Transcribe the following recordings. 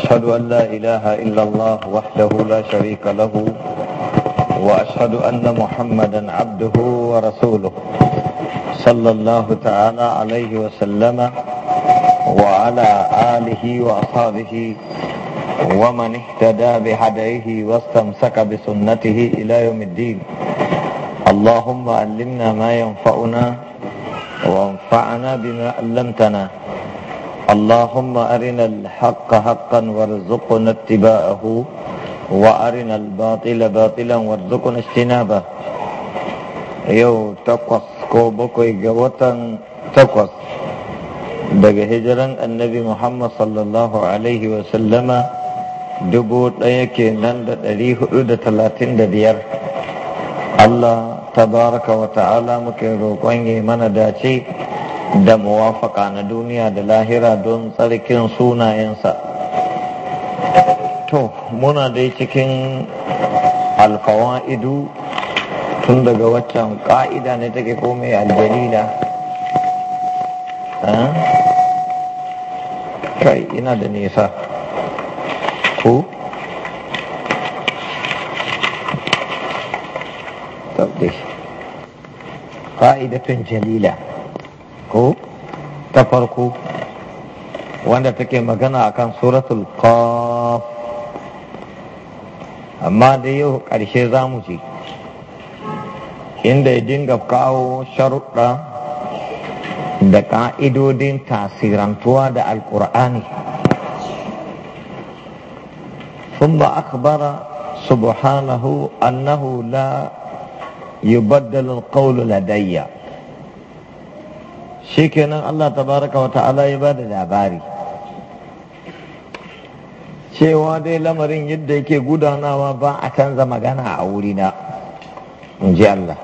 أشهد ان لا اله الا الله وحده لا شريك له واشهد ان محمدا عبده ورسوله صلى الله تعالى عليه وسلم وعلى اله واصحابه ومن اهتدى بهديه واستمسك بسنته الى يوم الدين اللهم علمنا ما ينفعنا وانفعنا بما علمتنا اللهم أرنا الحق حقا وارزقنا اتباعه وأرنا الباطل باطلا وارزقنا اجتنابه يو تقص كوبكو جوتا تقص daga hijiran annabi Muhammad sallallahu Alaihi wasallama dubu ɗaya kenan da ɗari hudu da talatin da biyar Allah tabaraka wa ta'ala roƙon mana dace da muwafaka na duniya da lahira don tsarkin sunayensa to muna dai cikin idu tun daga waccan ƙa'ida ne take komai aljalila kai ina da nisa ko jalila ko ta farko wanda take magana akan suratul qaf amma da yau ƙarshe za mu je. inda ya dinga kawo sharuɗa da ƙa'idodin tasirantuwa da alƙur'ani sun ba akbara subhanahu annahu la yubaddalul qawlu ladayya shikenan Allah tabaraka wa ta'ala ya bada labari cewa dai lamarin yadda yake gudanawa ba a canza magana a wurina in ji Allah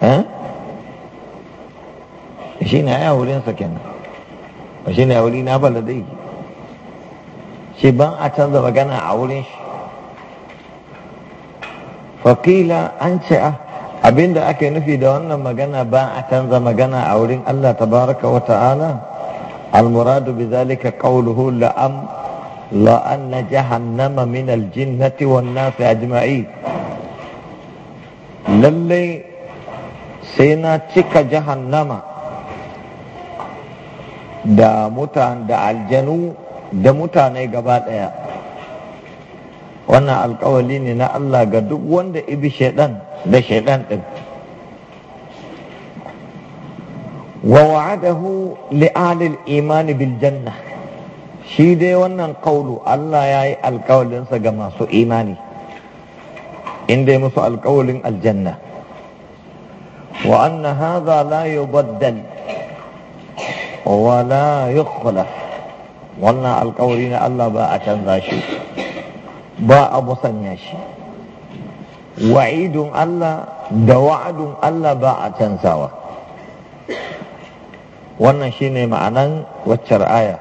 eh? shi ne ya sa kenan ba shi ne ya wurina ba da dai shi ban a canza magana a wurin shi fakila an ce ah Abin da ake nufi da wannan magana ba a canza magana a wurin Allah tabaraka wa ta'ala almuradu bi zalika qawluhu la'am la anna jahannama min aljinnati wan nasi ajma'i lalle sai na cika jahannama da mutan da aljanu da mutane gaba daya wannan alkawali ne na Allah ga duk wanda ibi shaidan da shaidan ɗin wa wa'adahu li'alil imani bil janna shi dai wannan kaulu Allah ya yi sa ga masu imani inda ya musu alkawalin aljanna wa anna hadha la yubaddal wa la yukhlaf wannan alkawari na Allah ba a canza shi ba a musanya shi wa'idun Allah da wa'adun Allah ba a cansawa wannan shine ma'anan waccar aya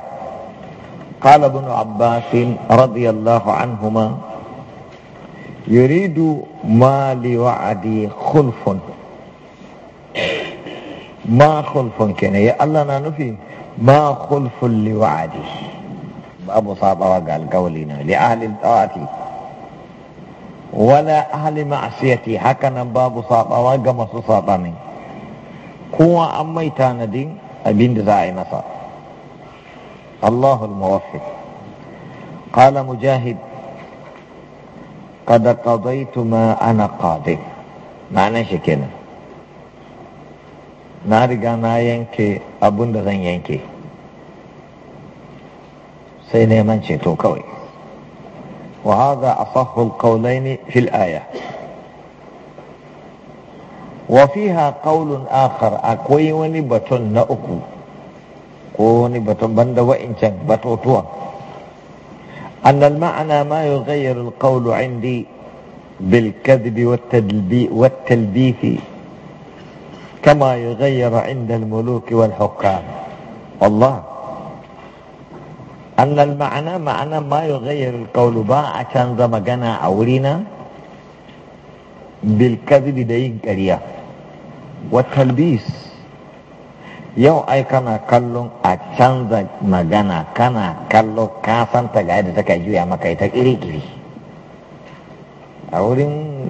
قال ابن عباس رضي الله عنهما يريد ما لوعدي خلف ما خلف كنا يا الله ننفي ما خلف لوعدي أبو صعب وقال قولنا لأهل الطاعة wala ahli ma'asiyati haka nan babu saɓawa ga masu ne. kowa an mai tanadin abin da za a yi masa Allahul muwaffiq qala mujahid qad qadaytu ma ana qadi ma'ana shi kenan na riga na yanke abin da zan yanke sai neman ceto kawai وهذا أصح القولين في الآية وفيها قول آخر أكوي ونبتن نأكو بطن بند وإن بطوتوا أن المعنى ما يغير القول عندي بالكذب والتلبيث كما يغير عند الملوك والحكام الله أن المعنى معنى ما يغير القول a كان زمجنا أولينا بالكذب دين كريا والتلبيس yau ai kana kallon a canza magana kana kallo kasanta ga yadda take juya maka ita kiri-kiri a wurin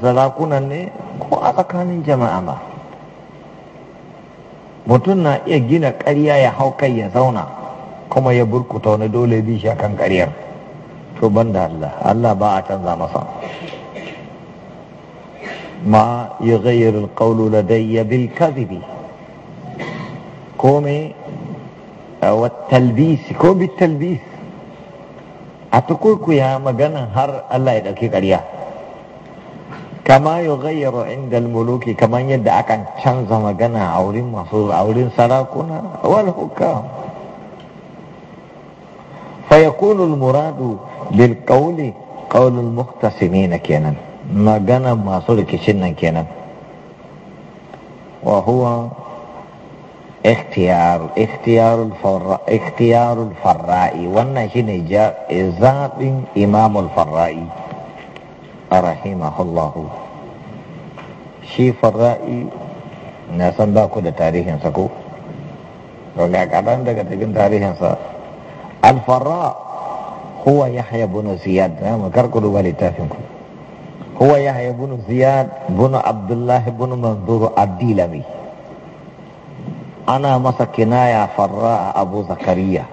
sarakunan ne ko a tsakanin jama'a ba mutum na iya gina ƙarya ya hau kai ya zauna kuma ya burkuta wani dole bi shi akan ƙaryar to ban da Allah Allah ba a canza masa ma ya gayyar alƙaunu ya bil kadhibi kome talbisi ko bi talbisi a kurkuya magana har Allah ya ɗauki ƙarya kama ya gayyar inda almuluki kamar yadda akan canza magana a wurin masu a wurin sarakuna wal hukam فيكون المراد بالقول قول المختصمين كينا ما جنا ما صلك شنا كينا وهو اختيار اختيار الفراء اختيار الفراء وانا جاء زاب امام الفراء رحمه الله شي فراء ناسا باكو da tarihinsa ko daga kaɗan daga الفراء هو يحيى بن زياد مكر قلوا لتافنكم هو يحيى بن زياد بن عبد الله بن منظور الديلمي أنا مسكنا يا فراء أبو زكريا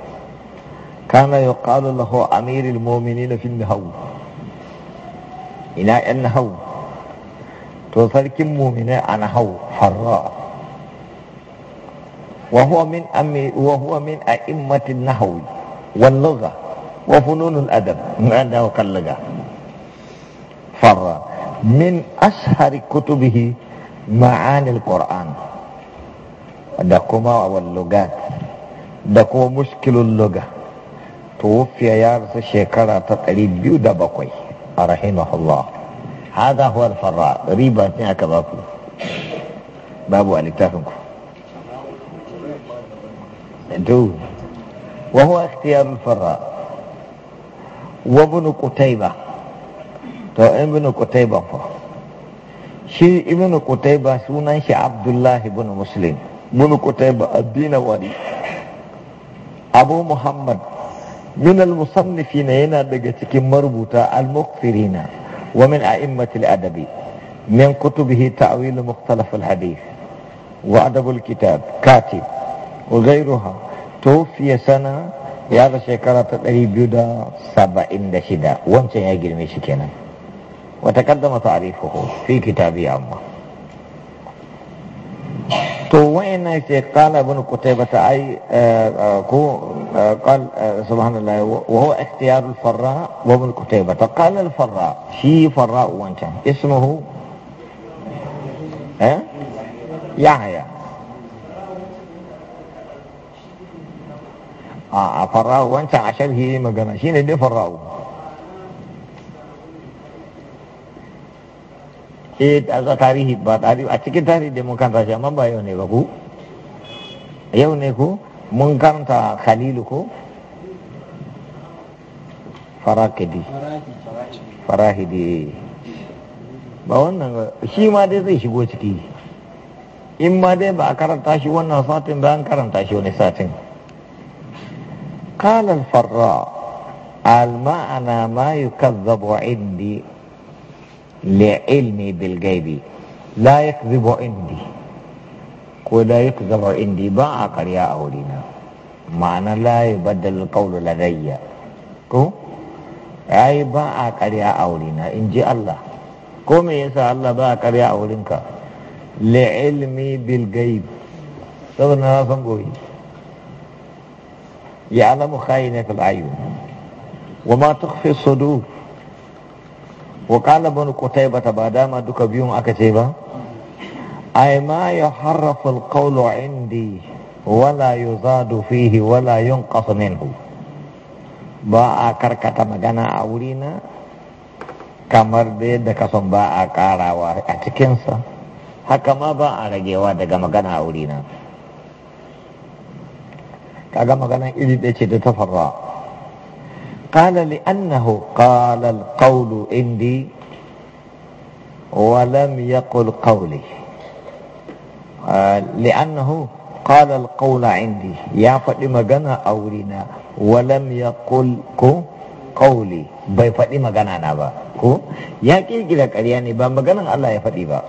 كان يقال له أمير المؤمنين في النهو إلى النهو كم المؤمنين انا هو فراء وهو من أمي وهو من أئمة النهو واللغة وفنون الأدب معناه كاللغة فر من أشهر كتبه معاني القرآن دكما واللغات دكما مشكل اللغة توفي يا رسول شكرا تقريب بيودة بقوي رحمه الله هذا هو الفراء ريبا تنعك باكو بابو عليك دو وهو اختيار الفراء وابن قتيبة تو ابن قتيبة شي ابن قتيبة سونا شي عبد الله بن مسلم بن قتيبة الدين ولي أبو محمد من المصنفين هنا دقتك مربوطة المغفرين ومن أئمة الأدب من كتبه تأويل مختلف الحديث وأدب الكتاب كاتب وغيرها توفي سنة يا ذا يدا تقريبا اند شدا وانشان يجل ميشكنا وتقدم تعريفه في كتاب الله تو وين قال ابن قتيبة أي قال سبحان الله وهو اختيار الفراء وابن قتيبة قال الفراء شي فراء وانت اسمه ها يحيى a Farawo wancan a sharhi magana shine dai Farawo. eh a tarihi ba tarihi a cikin tarihi da mun kanta shi amma ba yau ne ba ku yau ne ku mun kanta khalilu ko farakidi farahidi ba wannan shi ma dai zai shigo ciki in ma dai ba a karanta shi wannan satin ba an karanta shi wani satin قال الفراء المعنى ما يكذب عندي لعلمي بالغيب لا يكذب عندي ولا يكذب عندي عقل يا أولينا معنى لا يبدل القول لدي كو أي عقل يا أولينا إن جاء الله كم يسأل الله عقل يا أولينك لعلمي بالغيب سبنا فنقوي يعلم خائنة العيون وما تخفي الصدور وقال ابن قتيبة بعد ما دك بيوم أكتبا أي ما يحرف القول عندي ولا يزاد فيه ولا ينقص منه با a كتما جانا أولينا wurina kamar da yadda kasan ba a karawa a cikinsa haka ma ba a ragewa daga magana a wurina kaga magana iri ɗaya ce da ta farwa ƙala li annahu ƙala alƙaulu indi wa lam yaqul qawli ah, li annahu indi ya faɗi magana a wurina wa lam yaqul ku qawli bai faɗi magana na ba ko ya ƙirƙira ƙarya ne ba maganan Allah ya faɗi ba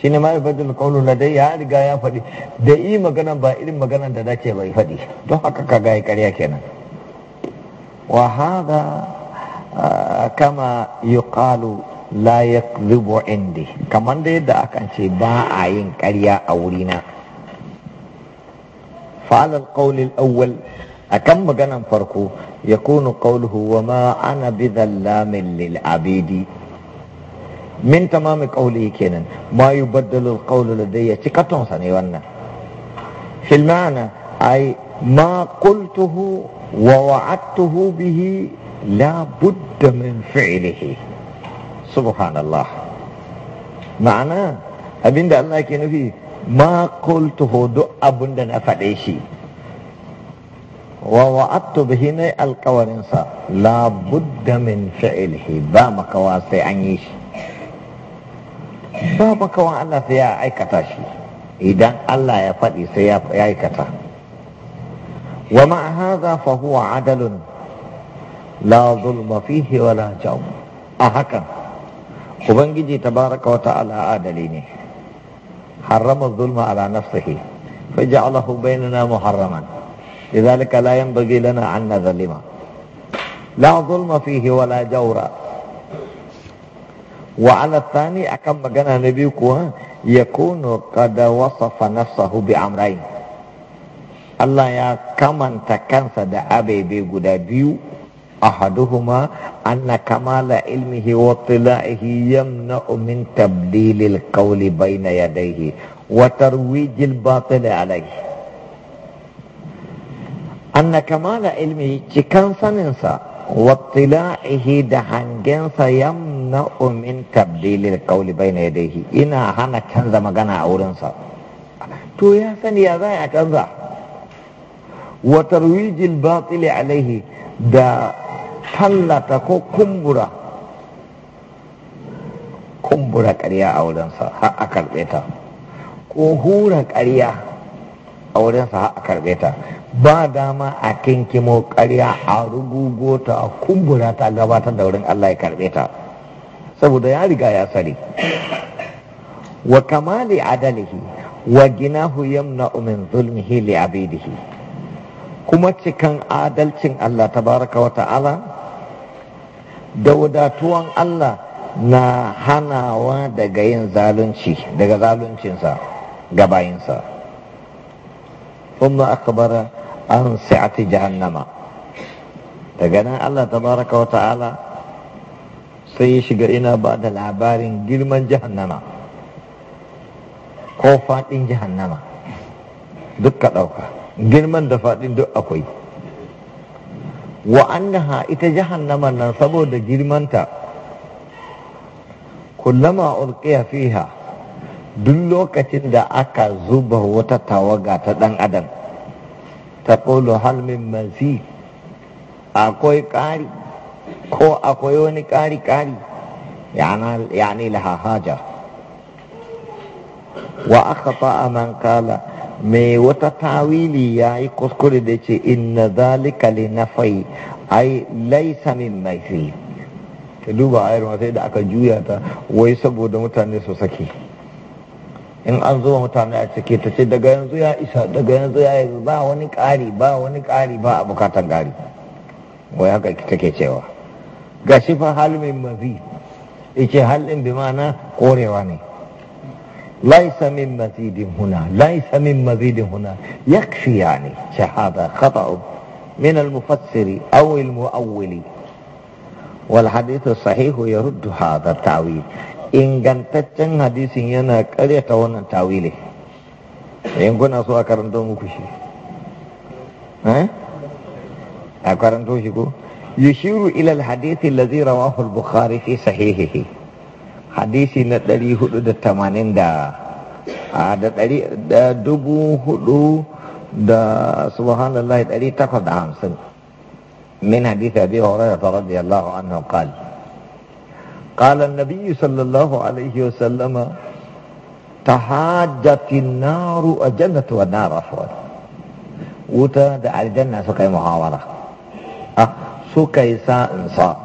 shi ne mai bajin kaunu na dai ya riga ya faɗi da yi magana ba irin maganar da dace bai faɗi don haka ka gaya karya kenan wa kama ƙalu la zubo indi kamar da yadda aka ce ba a yin karya a wurina fa'alar al-qawl a kan maganan farko ya kuna qawluhu wa ma ana bidhallamin lil abidi min tamami qawlihi kenan ma yubaddalu al-qawlu ya ci sa ne wannan fil ai ma qultuhu wa bihi la budda min fi'lihi subhanallah ma'ana abinda Allah ke nufi ma qultuhu duk abinda na faɗe shi wa wa'adtu bihi ne alƙawarinsa la budda min fi'lihi ba makawa sai an yi shi ba makawan Allah sai ya aikata shi idan Allah ya faɗi sai ya aikata wa ma hadha fa huwa adalun la zulma fihi wa la jawm a hakan ubangiji tabaraka wa ta'ala adali ne harrama zulma ala nafsihi fa ja'alahu bainana muharraman lidhalika la yanbaghi lana an nadhlima la zulma fihi wa la jawra wa ala thani akan magana na biyu kuwa yakunu qad wasafa nafsahu bi amrayn Allah ya kamanta kansa da abebe guda biyu ahaduhuma anna kamala ilmihi wa tila'ihi yamna'u min tabdilil qawli bayna yadayhi wa tarwijil batil alayhi anna kamala ilmihi cikan saninsa wattila'ihi da hangensa yamna min tabdilil kauli bai na yadaihi ina hana canza magana a wurinsa to ya sani ya za a canza wa tarwijil batili alaihi da tallata ko kumbura kumbura karya a wurinsa har a karɓe ta ko hura ƙarya a wurinsa har a karɓe ta ba dama a kinkimo karya a rugugo ta kumbura ta gabatar da wurin Allah ya karbe ta saboda ya riga ya sani wa kamali adalihi wa gina ginahu yamna'u zulmi hili a bidihi. kuma cikan adalcin Allah tabaraka wa ta'ala da wadatuwan Allah na hanawa daga yin zalunci daga zaluncinsa ga bayinsa ثم أخبر an si'ati jahannama daga nan Allah tabaraka wa ta'ala sai ya shiga ina ba da labarin girman jahannama ko faɗin jahannama duk ka ɗauka girman da faɗin duk akwai wa annaha ita jahannama nan saboda girmanta kullama ulqiya fiha duk lokacin da aka zuba wata tawaga ta ɗan adam تقول هل من ko akwai wani كو أكويوني كاري كاري يعني, يعني لها حاجة وأخطأ من قال mai wata tawili ya yi kuskure da ce inna zalika li nafai ai laisa min maifi ta duba ayar sai da aka juya ta wai saboda mutane su sake in an zo mutane a cike ta ce daga yanzu ya isa daga yanzu ya yi ba wani ƙari ba wani ƙari ba a bukatan ƙari wai haka take cewa ga shi fa halmin mazi yake halin bi mana korewa ne laisa min mazidin huna laisa min mazidin huna yakfi yani shahada khata'u min al-mufassiri aw al-mu'awwili wal hadithu sahihu yaruddu hadha tawil ingantaccen hadisin yana karyata wannan tawili in kuna so a karanto muku shi eh? a karanto shi ko yushiru ilal hadisi allazi rawahu al-bukhari fi sahihihi hadisi na 480 da a da ɗari da dubu hudu da subhanallah ɗari takwas da hamsin min hadith abi hurairah radiyallahu anhu qala قال النبي صلى الله عليه وسلم تحاجت النار الجنة والنار عفوا وتا دع الجنة سكي محاورة أه سكي سا انصار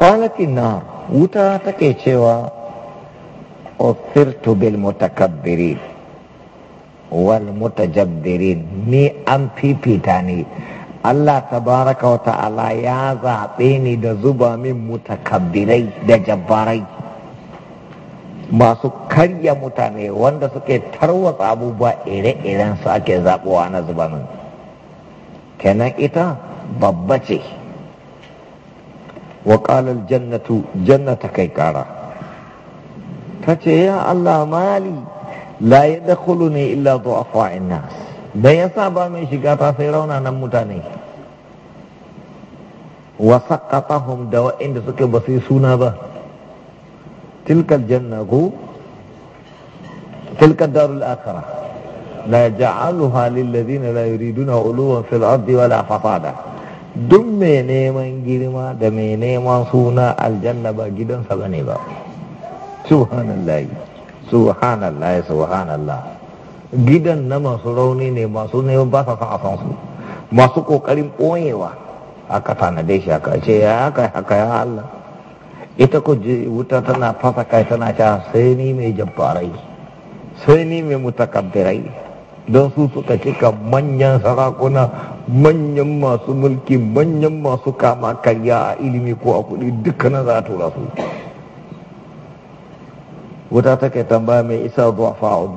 قالت النار وتا شوا أثرت بالمتكبرين والمتجبرين مي أم في بيتاني Allah Ta baraka wa ta'ala ya zaɓe ni da zuba min mutakabbirai da jabbarai masu karya mutane wanda suke tarwatsa abubuwa ire-iren su ake zaɓowa na zuba min kenan ita babba ce waƙalar jannatu jannata kai ƙara. ta ce ya Allah mali la ya ne illa du'afa nas da ya sa ba mai shiga ta sai nan mutane wa saqqatahum da wa'inda suke ba sai suna ba tilkal janna ku tilkal darul akhirah la ja'aluha lil ladina la yuriduna uluwan fil ardi wala da. duk mai neman girma da mai neman suna aljanna ba gidansa bane ba subhanallahi subhanallahi subhanallah gidan na masu rauni ne masu ne ba sa a san su masu kokarin ɓoyewa aka dai shi aka ce ya haka haka ya Allah ita ku wuta tana fasa kai tana cewa sai ni mai jabbarai sai ni mai mutakabbirai don su suka cika manyan sarakuna manyan masu mulki manyan masu kama karya a ilimi ko a kuɗi dukkanin za a tura su wuta ta kai tambaya mai isa zuwa fa'ud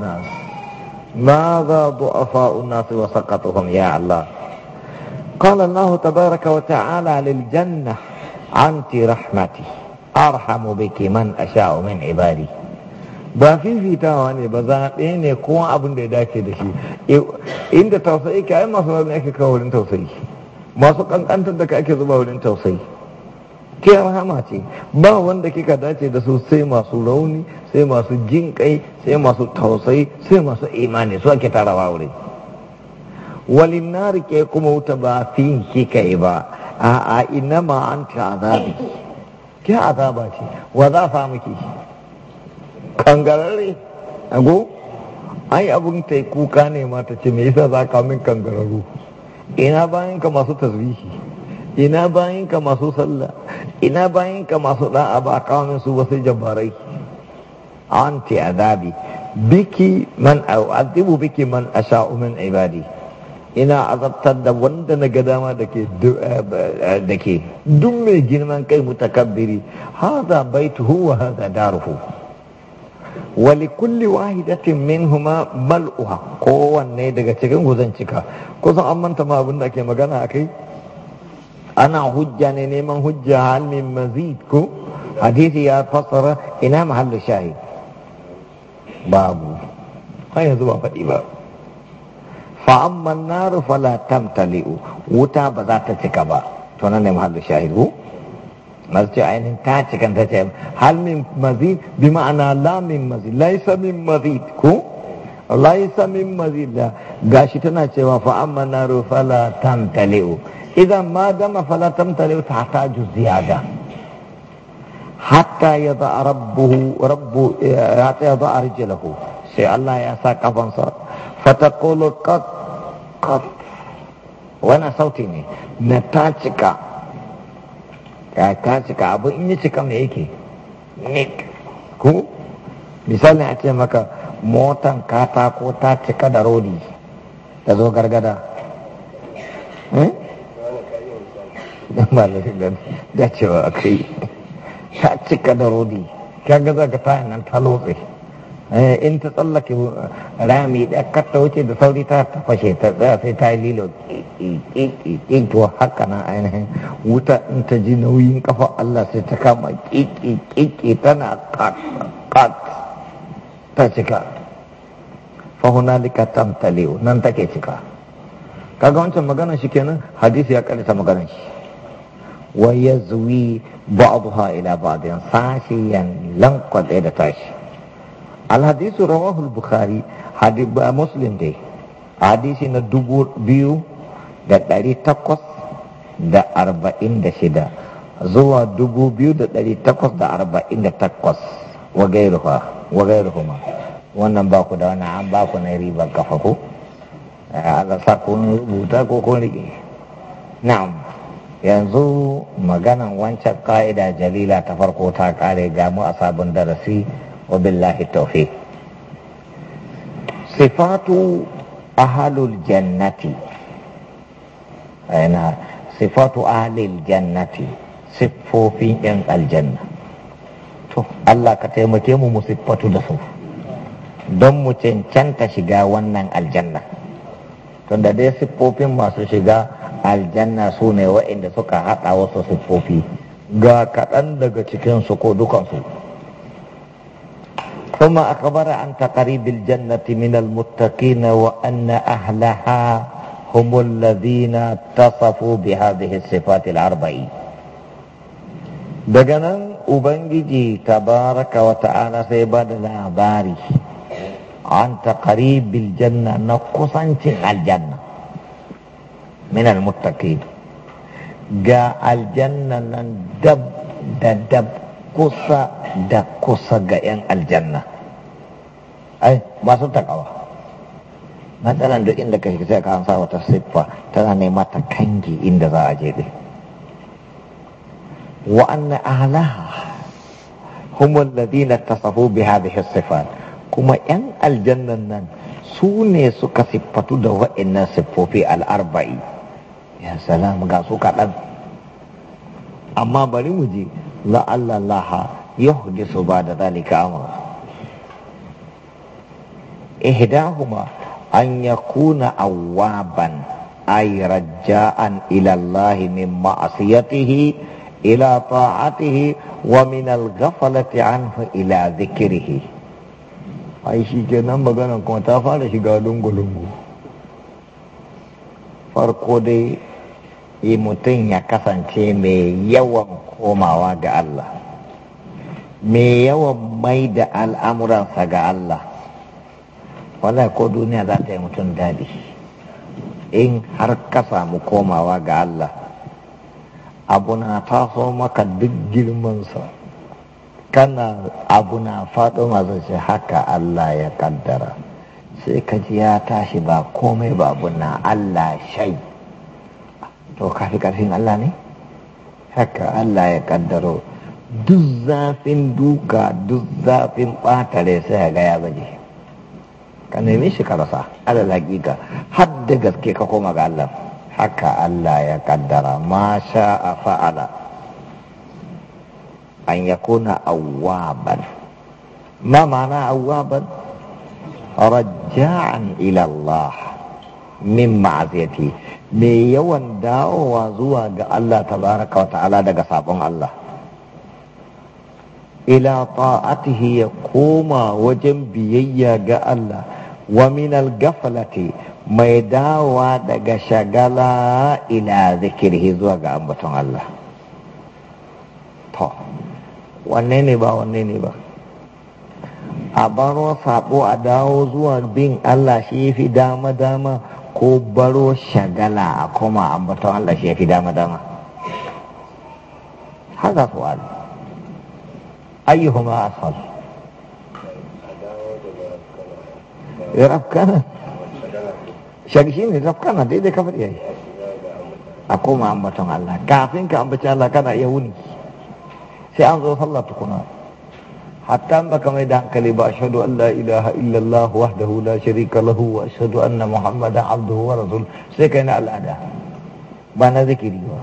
ماذا ضعفاء الناس وسقطهم يا الله قال الله تبارك وتعالى للجنة أنت رحمتي أرحم بك من أشاء من عبادي ba fi fifitawa ne ba za zaɓe ne kuma abin da ya dace da shi inda tausayi ka ai masu wani ake kawo wurin tausayi masu ƙanƙantar da ka ake zuba wurin tausayi ke rahama ce ba wanda kika dace da su sai masu rauni sai masu jin kai sai masu tausayi sai masu imani su ake tarawa wuri walin na rike kuma wuta ba fi kika yi ba a a ina ma an ta azabi ke azaba ce wa za fa miki kangarare ago ai abun ta kuka ne mata ce me yasa za ka min kangararru ina bayan ka masu tasbihi ina ka masu sallah ina ka masu da'a ba kawo su wasu jabarai anti azabi biki man azibu biki man asha'u min ibadi ina azabtar da wanda na ga dama da ke eh, eh, duk mai girman kai mutakabbiri hada baitu huwa hada daruhu wa li kulli wahidatin minhuma mal'uha kowanne daga cikin cika kusan an manta ma abin da ake magana akai ana hujja ne neman hujja hal min mazid ko hadisi ya fassara ina mahallu shahid babu har yanzu ba faɗi ba fa amma naru fala tamtali'u wuta ba za ta cika ba to nan ne mahallu shahid ko masu ce ainihin ta cikan ta ce hal min mazid bi ma'ana la min mazid laisa min mazid ko laisa min mazid da gashi tana cewa fa amma naru fala tamtali'u اذا ما دم فلا تمتلئ تحتاج الزياده حتى يضع ربه رب حتى يضع رجله سي الله يا ساق أفنصر فتقول قط قط وانا صوتي نتاتشكا تاتشكا ابو اني تشكا ميكي ميك ko misali a ce maka motan katako ta cika da rodi ta malamin da cika da rodi kaga za nan ta eh, in ta tsallake eh, rami da karta wuce da sauri ta tafashe ta tsaya sai ta yi lilo ƙiƙiƙiƙiƙiwa ainihin wuta nauyin kafa nan take cika kaga wancan maganar shi kenan hadisi ya maganar shi ويزوي بعضها إلى بعض ساشيا لنقد إلى تاشي الحديث رواه البخاري حديث مسلم دي حديث ندبور بيو دا داري تقص دا أربعين دا شدا زوا دبو بيو دا داري تقص دا أربعين دا تقص وغيرها وغيرهما wannan ba ku da wannan an ba ku na ribar kafa ko a ƙasar kun rubuta ko kun riƙe na'am yanzu maganan wancan ka'ida jalila ta farko ta kare gamu a sabon darasi wa billahi taufi sifatu ahalul jannati yana sifatu ahalul jannati siffofin yan aljanna to Allah ka taimake mu mu siffatu da su don mu cancanta shiga wannan aljanna tunda dai siffofin masu shiga aljanna su ne wa'inda suka haɗa wasu siffofi ga kaɗan daga cikinsu ko dukansu ثم أخبر عن تقريب الجنة من المتقين وأن أهلها هم الذين اتصفوا بهذه الصفات الأربعين دقنا أبنجي تبارك وتعالى سيباد لا باري عن تقريب الجنة نقصا الجنة minal muttaqin ga aljanna nan dab da dab kusa da kusa ga 'yan aljanna ai masu takawa matsalan duk inda ka sai ka sa wata siffa tana nema ta kange inda za a je din wa anna ahlaha hum alladhina tasafu bi hadhihi sifat kuma 'yan aljannan nan su ne suka siffatu da wa'annan siffofi al-arba'i ya salam ga su ɗan amma bari mu ji la'allallaha ya hudu ba da zalika amma ihdahuma an ya kuna awaban ay rajaan ilallahi min ma'asiyatihi ila ta'atihi wa min al-ghaflati anhu ila dhikrihi ai shi ke nan maganan kuma ta fara shiga dungu-dungu farko dai yi mutum ya kasance mai yawan komawa ga Allah mai yawan mai da al'amuransa ga Allah wala ko duniya za ta yi mutum daɗi in har ka samu komawa ga Allah abu na taso maka duk girmansa kana abu na faɗo masu ce haka Allah ya kaddara sai ka ji ya tashi ba komai ba abu na Allah shai to kafi karfin Allah ne haka Allah ya kaddaro duk zafin duka duk zafin ɓatare sai ya ga ya baje ka nemi shi ka rasa ala laƙiƙa har da gaske ka koma ga Allah haka Allah ya kaddara ma a fa'ala an ya kuna awwaban ma ma'ana awwaban rajja'an ila Allah min ma'aziyati mai yawan dawowa zuwa ga Allah tabaraka wa ta'ala daga sabon Allah ila ta'atihi ya koma wajen biyayya ga Allah wa min al-gaflati mai dawowa daga shagala ila zikirhi zuwa ga ambaton Allah to wanne ne ba wanne ne ba a baro sabo a dawo zuwa bin Allah shi fi dama-dama ko baro shagala a koma ambaton Allah shi ya fi dama dama haka fu'al ayyuhuma asal rafkana shi ne rafkana daidai kafar yayi a koma ambaton Allah kafin ka ambaci Allah kana iya wuni sai an zo sallah tukuna hatta baka mai da hankali ba ashhadu an la ilaha illallah wahdahu la sharika lahu wa ashhadu anna muhammadan abduhu wa rasul sai kai na al'ada ba na zikiri ba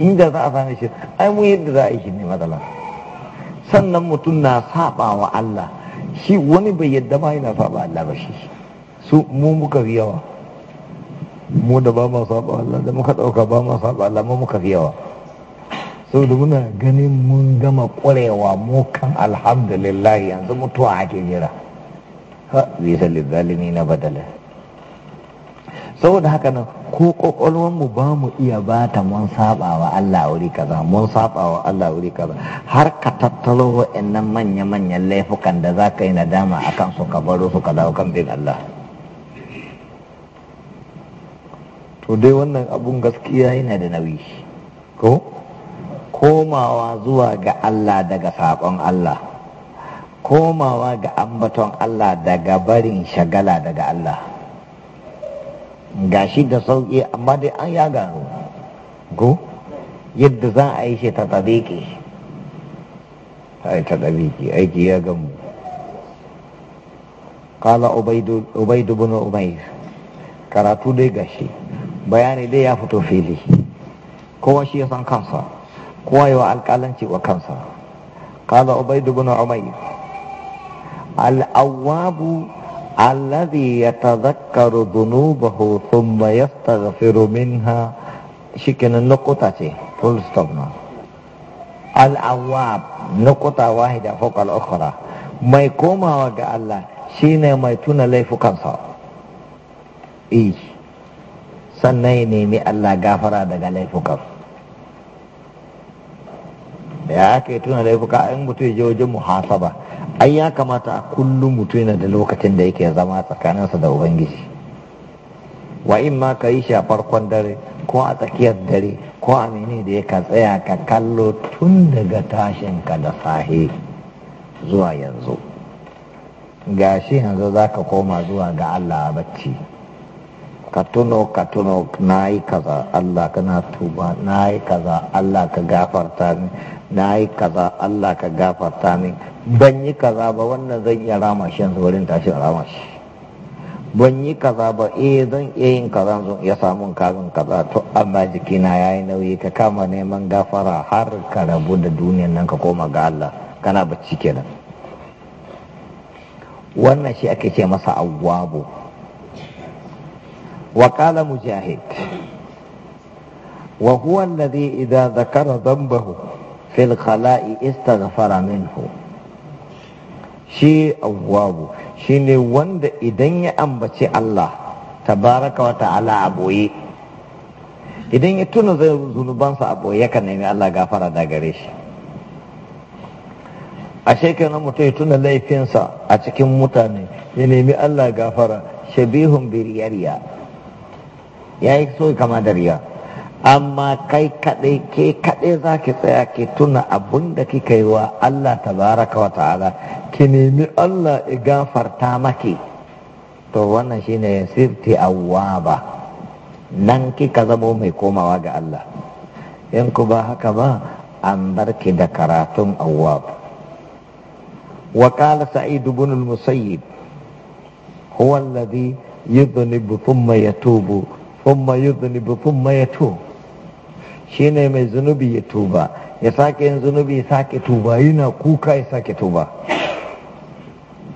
inda za a sami shi ai mu yadda za a yi shi ne matsala sannan mutum na saba wa Allah shi wani bai yadda ma yana saba Allah ba shi su mu muka fi yawa mu da ba ma saba Allah da muka dauka ba ma saba Allah mu muka fi yawa saboda muna ganin mun gama ƙwarewa mu kan alhamdulillah yanzu mutuwa ake jira ha bisa zalimi na badala saboda haka nan ko mu ba mu iya ba ta mun saba Allah wuri kaza mun saba Allah wuri kaza har ka tattalo wa'annan manya-manyan laifukan da za ka yi nadama a kan su baro su dawo kan bin Allah to dai wannan abun gaskiya yana da nauyi ko komawa zuwa ga Allah daga saƙon Allah komawa ga ambaton Allah daga barin shagala daga Allah gashi da sauƙi amma dai an ya gano go yadda za a yi shi ta tsabeke ta tsabeke aiki ya gamu kala ubaidu bin umair karatu dai gashi bayani dai ya fito fili kowa shi ya san kansa kowa yawa alƙalanci wa kansa qala ubayd ibn umayr al-awwab alladhi yatadhakkaru dhunubahu thumma ha shi kenan nukuta ce full stop na al'awab nukuta wahida fawqa al-ukhra mai komawa ga Allah shine mai tuna laifukansa eh sannan ya nemi Allah gafara daga laifukansa ya aka tuna tuna laifuka in mutum je wajen muhasaba ai ya kamata a kullum mutum yana da lokacin da yake zama tsakaninsa da ubangiji wa in ma ka yi shi a farkon dare ko a tsakiyar dare ko a mene da ya ka tsaya ka kallo tun daga tashin ka da sahe zuwa yanzu ga shi yanzu za ka koma zuwa ga allah a bacci ka tuno ka tuno na yi kaza Allah kana tuba na yi kaza Allah ka gafarta ni na yi kaza Allah ka gafarta min ban yi kaza ba wannan zan iya rama shi yanzu wurin tashi rama shi ban yi kaza ba eh zan iya yin kaza zan iya samun kazan kaza to amma jikina yayi nauyi ka kama neman gafara har ka rabu da duniyan nan ka koma ga Allah kana bacci kenan wannan shi ake ce masa awwabu wa qala mujahid وهو الذي إذا ذكر ذنبه fil khala'i istaghfara minhu shi awwabu shine wanda idan ya ambaci Allah tabaraka wa ta'ala a boye idan ya tuna zunubansa a boye yakan nemi Allah gafara da gare shi a shekarar mutum ya tuna laifinsa a cikin mutane ya nemi Allah gafara shabihun biriyariya ya yi so kama da riya amma kai kaɗai ke kaɗai za ki tsaya ki tuna abun da kika yi wa Allah tabaraka wa ta'ala ki nemi Allah ya gafarta maki to wannan shine sirti awwaba nan kika zamo mai komawa ga Allah in ku ba haka ba an bar ki da karatun awwab wa qala sa'id ibn al-musayyib huwa alladhi yudhnibu thumma yatubu thumma thumma yatubu Shi ne mai zunubi ya tuba ya sake yin zunubi ya sake tuba yana kuka ya sake tuba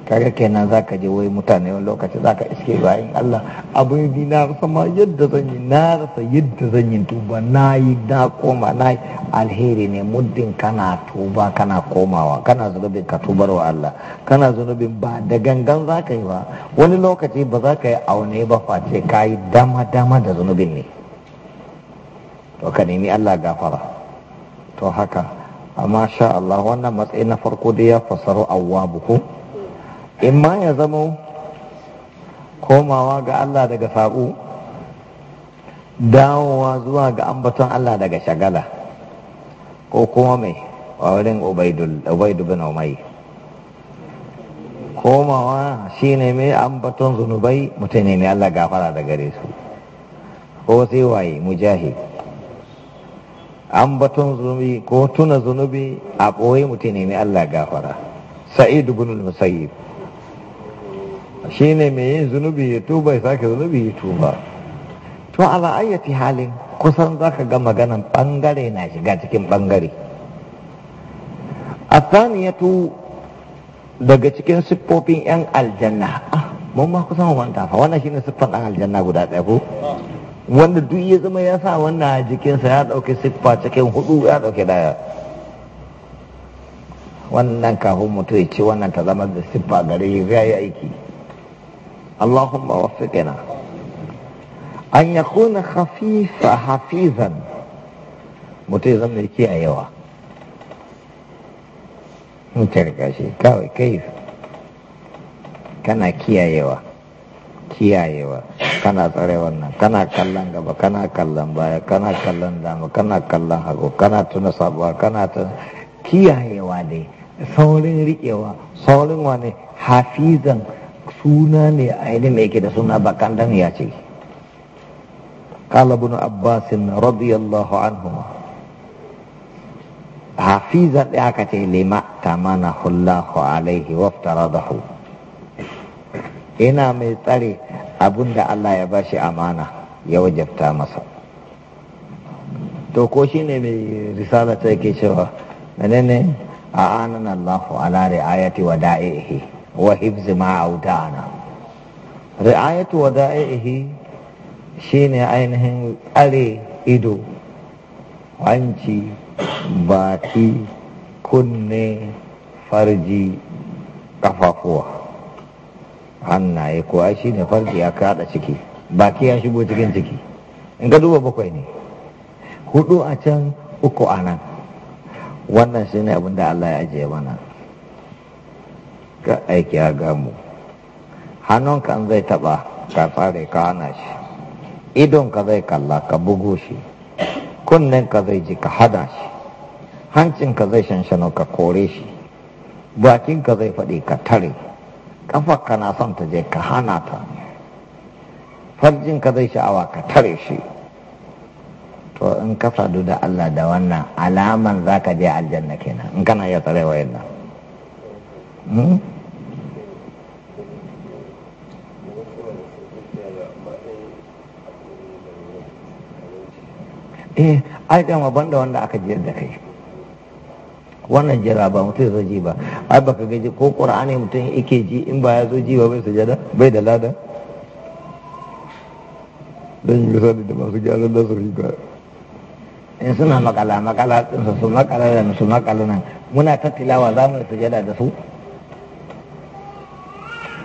kaga kenan za ka je wai mutane wani lokaci za ka iske bayan Allah abin yi na rasa ma yadda zan yi na rasa yadda zan yi tuba na yi na koma na yi alheri ne muddin kana tuba kana komawa kana zunubin ka tubarwa Allah kana zunubin ba da gangan za ka yi ba wani lokaci ba za ka yi aune ba face ka yi dama dama da zunubin ne to ka nemi Allah gafara to haka amma sha Allah wannan matsayi na farko da ya fasaro awwa buku in ma ya zamo komawa ga Allah daga saƙo dawowa zuwa ga ambaton Allah daga shagala ko kuma mai a wurin ubaidu bin umai komawa shi ne mai ambaton zunubai mutum ne Allah gafara daga gare su ko sai waye mujahid An batun zunubi ko tuna zunubi a ɓoye mutum ne mai Allah gafara Sa'idu bin musayyib Shi ne mai yin zunubi ya tuba ya sake zunubi ya tuba to ala ayyati halin kusan za ka ga maganan ɓangare na shiga cikin ya athaniyatu daga cikin siffofin yan aljanna ah, mun ma kusan wanta fa wannan shine siffan ɗan aljanna guda ɗaya ko wanda duk ya zama ya sa wannan a jikinsa ya ɗauke siffa cikin hudu ya ɗauke daya wannan kafin mutu ya ce wannan ta zama da siffa gare ya yi aiki Allahumma gina an ya kuna hafifa hafizan mutu ya zama yake a yawa mutar gashi kawai kai kana kiyayewa kiyayewa kana tsare wannan kana kallon gaba kana kallon baya kana kallon dama kana kallon hagu kana tuna sabuwa kana ta kiyayewa dai saurin riƙewa saurin wane hafizan suna ne ainihin mai ke da suna bakan dan ya ce kalabun abbasin radiyallahu anhu hafizan ɗaya ka ce lima mana hullahu alaihi waftara da hu Ina mai tsare abin da Allah ya bashi amana ya wajabta masa to ko shi ne mai risala ta yake cewa ne a anan Allahu ala ri'ayati wa da'ihi wa hibzi ma auda'ana ri'ayatu wa da'ihi shine ainihin tsare ido hanci baki kunne farji kafafuwa hannaye ko ai shine farji ya kada ciki baki ya shigo cikin ciki in ka duba bakwai ne hudu a can uku a nan wannan shine abin da Allah ya ajiye mana ka aiki ya gamu hannunka in zai taba ka tsare ka hana shi idonka zai kalla ka bugo shi kunnen ka zai ji ka hada shi hancin ka zai shanshano ka kore shi bakinka zai faɗi ka tare kafarka na son ta je ka hana ta farjinka zai sha'awa ka tare shi to in ka sadu da Allah da wannan alaman za ka je aljanna kenan in kana iya tsare wayan nan hmm? eh ai ban banda wanda aka jiyar da kai wannan jira ba mutum ya ji ba ai baka gaji ko qur'ani mutum yake ji in ba ya zo ji ba bai sujada bai da lada dan yi misali da masu gyaran da su riga in suna makala makala din su makala da su makala nan muna ta tilawa za mu sujada da su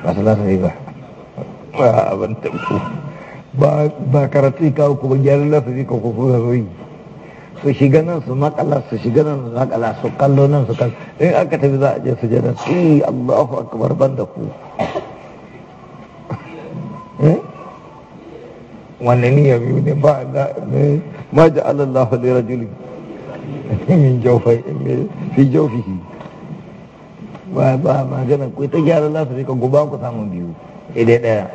ba su za su riga ba abin tabbu ba karatu kawo kuma gyaran da su riga ko kuma zo yi su shiga nan su makala su shiga nan su makala su kallo nan su kallo in aka tafi za a je su jana su yi Allahu akbar ban da ku eh? ni ya biyu ne ba ne ma ji Allahu li rajulin min jawfai fi jawfihi ba ba ma ganin ku ta gyara lafi ka guba ku samu biyu idai daya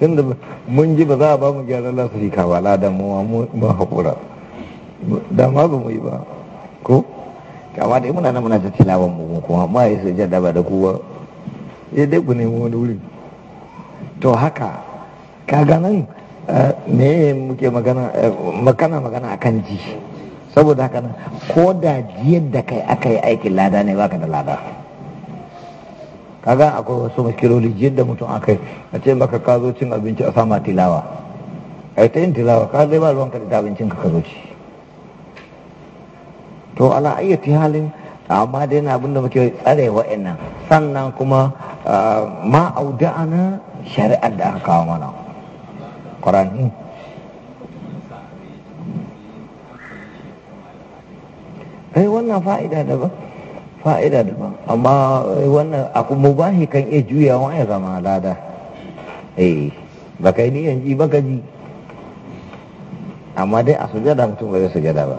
tunda mun ji ba za a ba mu gyara lafi ka ba ladan mu mu haƙura dama ba mu yi ba ko kama dai muna nan muna ta tilawan mu kuma amma yi sai ba da kowa ya dai ku nemo wani wuri to haka ka ganin eh, me muke magana eh, makana magana akan ji saboda haka nan ko da ji yadda kai aka yi aikin lada ne baka da lada kaga akwai wasu maskiloli ji yadda mutum aka yi a ce maka ka zo cin abinci a sama tilawa a yi ta yin tilawa ka zai ba ruwanka da abincin ka ka zo ci to ala ayyati halin amma dai na abinda muke tsare wa'annan sannan kuma ah, ma auda'ana shari'ar da aka kawo mana ƙwararri kai hmm. eh, wannan fa'ida da ba, fa'ida da ba. amma eh, wannan aku mubahi kan iya wa ya zama lada eh ba kai niyan ji ba ji amma dai a sujada mutum ba zai sujada ba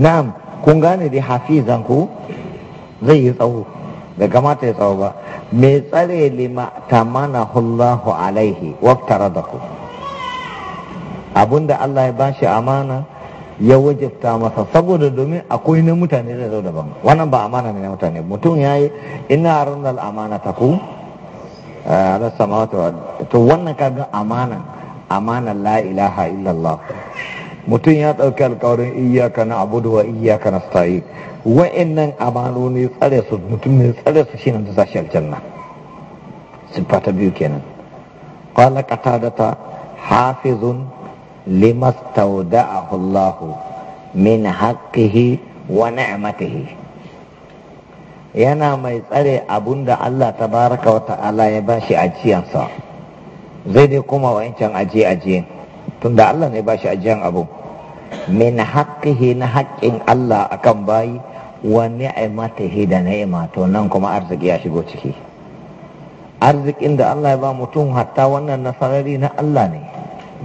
na'am kun gane da hafizan ku zai yi tsawo da kamata ya tsawo ba mai tsare lima ta mana hullahu alaihi waftara da ku abinda Allah ya bashi amana ya wajabta masa saboda domin akwai na mutane da zo daban wannan ba amana ne na mutane mutum ya yi ina arunar amana ta ku eh, a to wannan kaga amana, amanan la ilaha illallah mutum ya ɗauki alkawarin iyaka na abudu wa iyaka na nan wa'annan amaloni tsare su mutum ne tsare su shi nan da sashi aljanna siffa ta biyu kenan qala qatadata hafizun a Allah min haqqihi wa na'amatihi yana mai tsare abun da Allah Ta baraka wa ta'ala ya ba shi ajiyansa zai dai kuma can ajiye ajiyen tunda Allah ne ba shi ajiyan abu min haqqihi na haƙƙin Allah akan bayi wa ni'matihi da ni'ma to nan kuma arziki ya shigo ciki arzikin da Allah ya ba mutum hatta wannan nasarari na Allah ne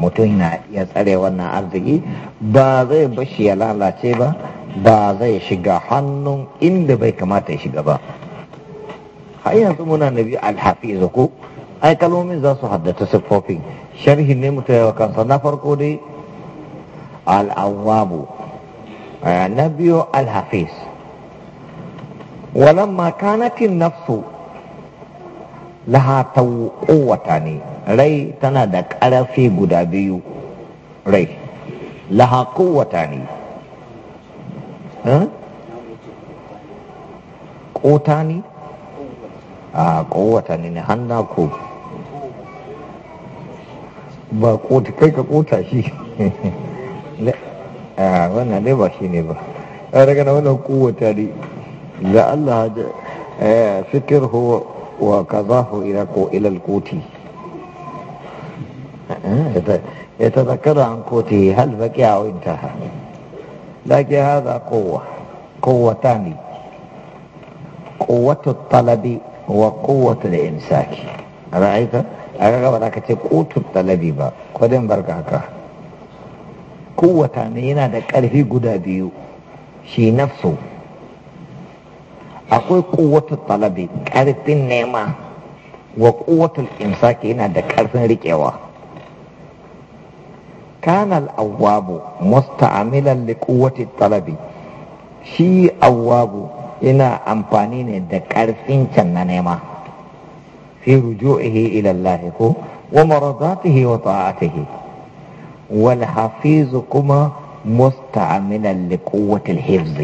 mutum na iya tsare wannan arziki ba zai bashi ya lalace ba ba zai shiga hannun inda bai kamata ya shiga ba har yanzu muna nabi alhafi ko ai kalomin za su haddata siffofin sharhin ne mutu yawa kansa na farko dai al'awabu na biyu al-hafiz walamma kanatin nafsu laha ta kowata ne rai tana da ƙarfi guda biyu rai laha kowata ne ƙota ne a kowata ne na ko ba kota kai ka kota shi a wannan dai ba shi ne ba a daga na wannan kowata ne la Allah da fikir ho wa kazahu ila ko ilal koti ya tazakara an koti hal baki a da laki hada kowa kowata ne kowatar talabi wa kowatar imsaki ra'aita a ga gaba ka ce kotun talabi ba kwadin barka haka kowata ne yana da ƙarfi guda biyu shi nafsu akwai kowatun talabi ƙarfin nema wa kowatun imsaki yana da ƙarfin riƙewa kanal awwabu musta'amilan li talabi shi awwabu yana amfani ne da ƙarfin can na nema في رجوعه إلى الله ومرضاته وطاعته والحفيظ كما مستعملا لقوة الحفظ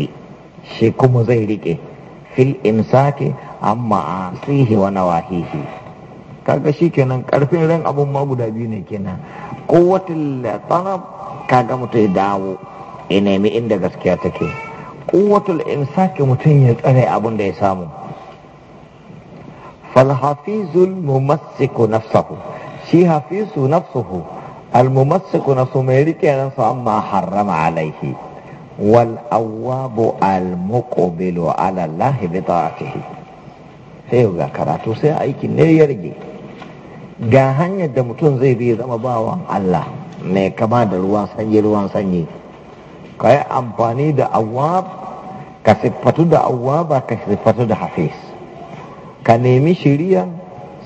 شكم زيرك في الإمساك عن معاصيه ونواهيه kaga shi kenan karfin ran abun ma guda biyu ne kenan kuwatul talab kaga mutum ya dawo ya nemi inda gaskiya take insa ke mutum ya tsare abun da ya samu فالحافظ الممسك نفسه شي حافظ نفسه الممسك نفسه ميريك نفسه أما حرم عليه والاواب المقبل على الله بطاعته سيو غا كراتو سي أيكي نيرجي ga hanyar da mutum zai bi zama bawa Allah mai kama da ruwan sanyi ruwan sanyi ka yi amfani da awwab ka siffatu da awwaba ka siffatu da hafiz ka nemi shiriyan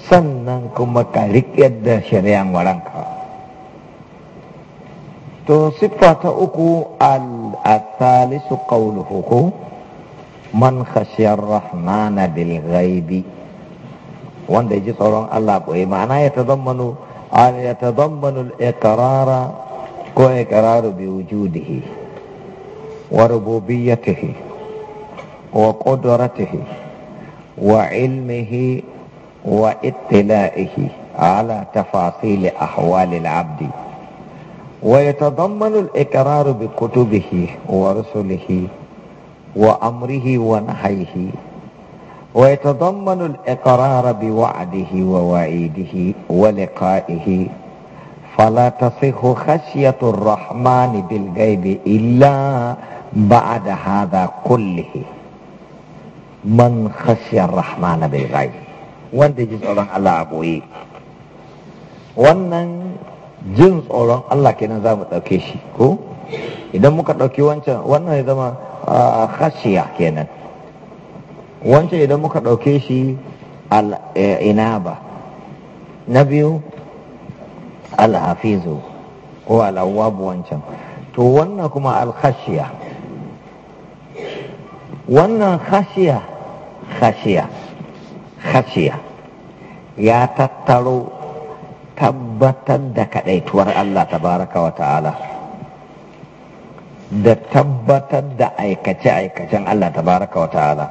sannan kuma ka riƙe da shiriyan waranka to siffa ta uku al-athalisu qawluhu ko man khashiyar rahmana bil ghaibi wanda ji tsoron Allah koyi ma'ana ya ta tazammanu an ya tazammanu al karara ko iqraru bi wujudihi wa rububiyyatihi wa qudratihi وعلمه واطلائه على تفاصيل أحوال العبد ويتضمن الإقرار بكتبه ورسله وأمره ونهيه ويتضمن الإقرار بوعده ووعيده ولقائه فلا تصح خشية الرحمن بالغيب إلا بعد هذا كله man khashiyar rahmana bil ghaib wanda ji tsoron Allah a boye wannan jin tsoron Allah kenan za mu ɗauke shi ko idan muka ɗauki wancan wannan ya zama khashiya kenan wancan idan muka ɗauke shi e, ina ba na biyu alhafizu ko al'awwabu wancan to wannan kuma alkhashiya wannan khashiya khashiya khashiya ya tattaro tabbatar da kadaituwar Allah tabaraka wa ta'ala da tabbatar da aikace-aikacen Allah tabaraka wa ta'ala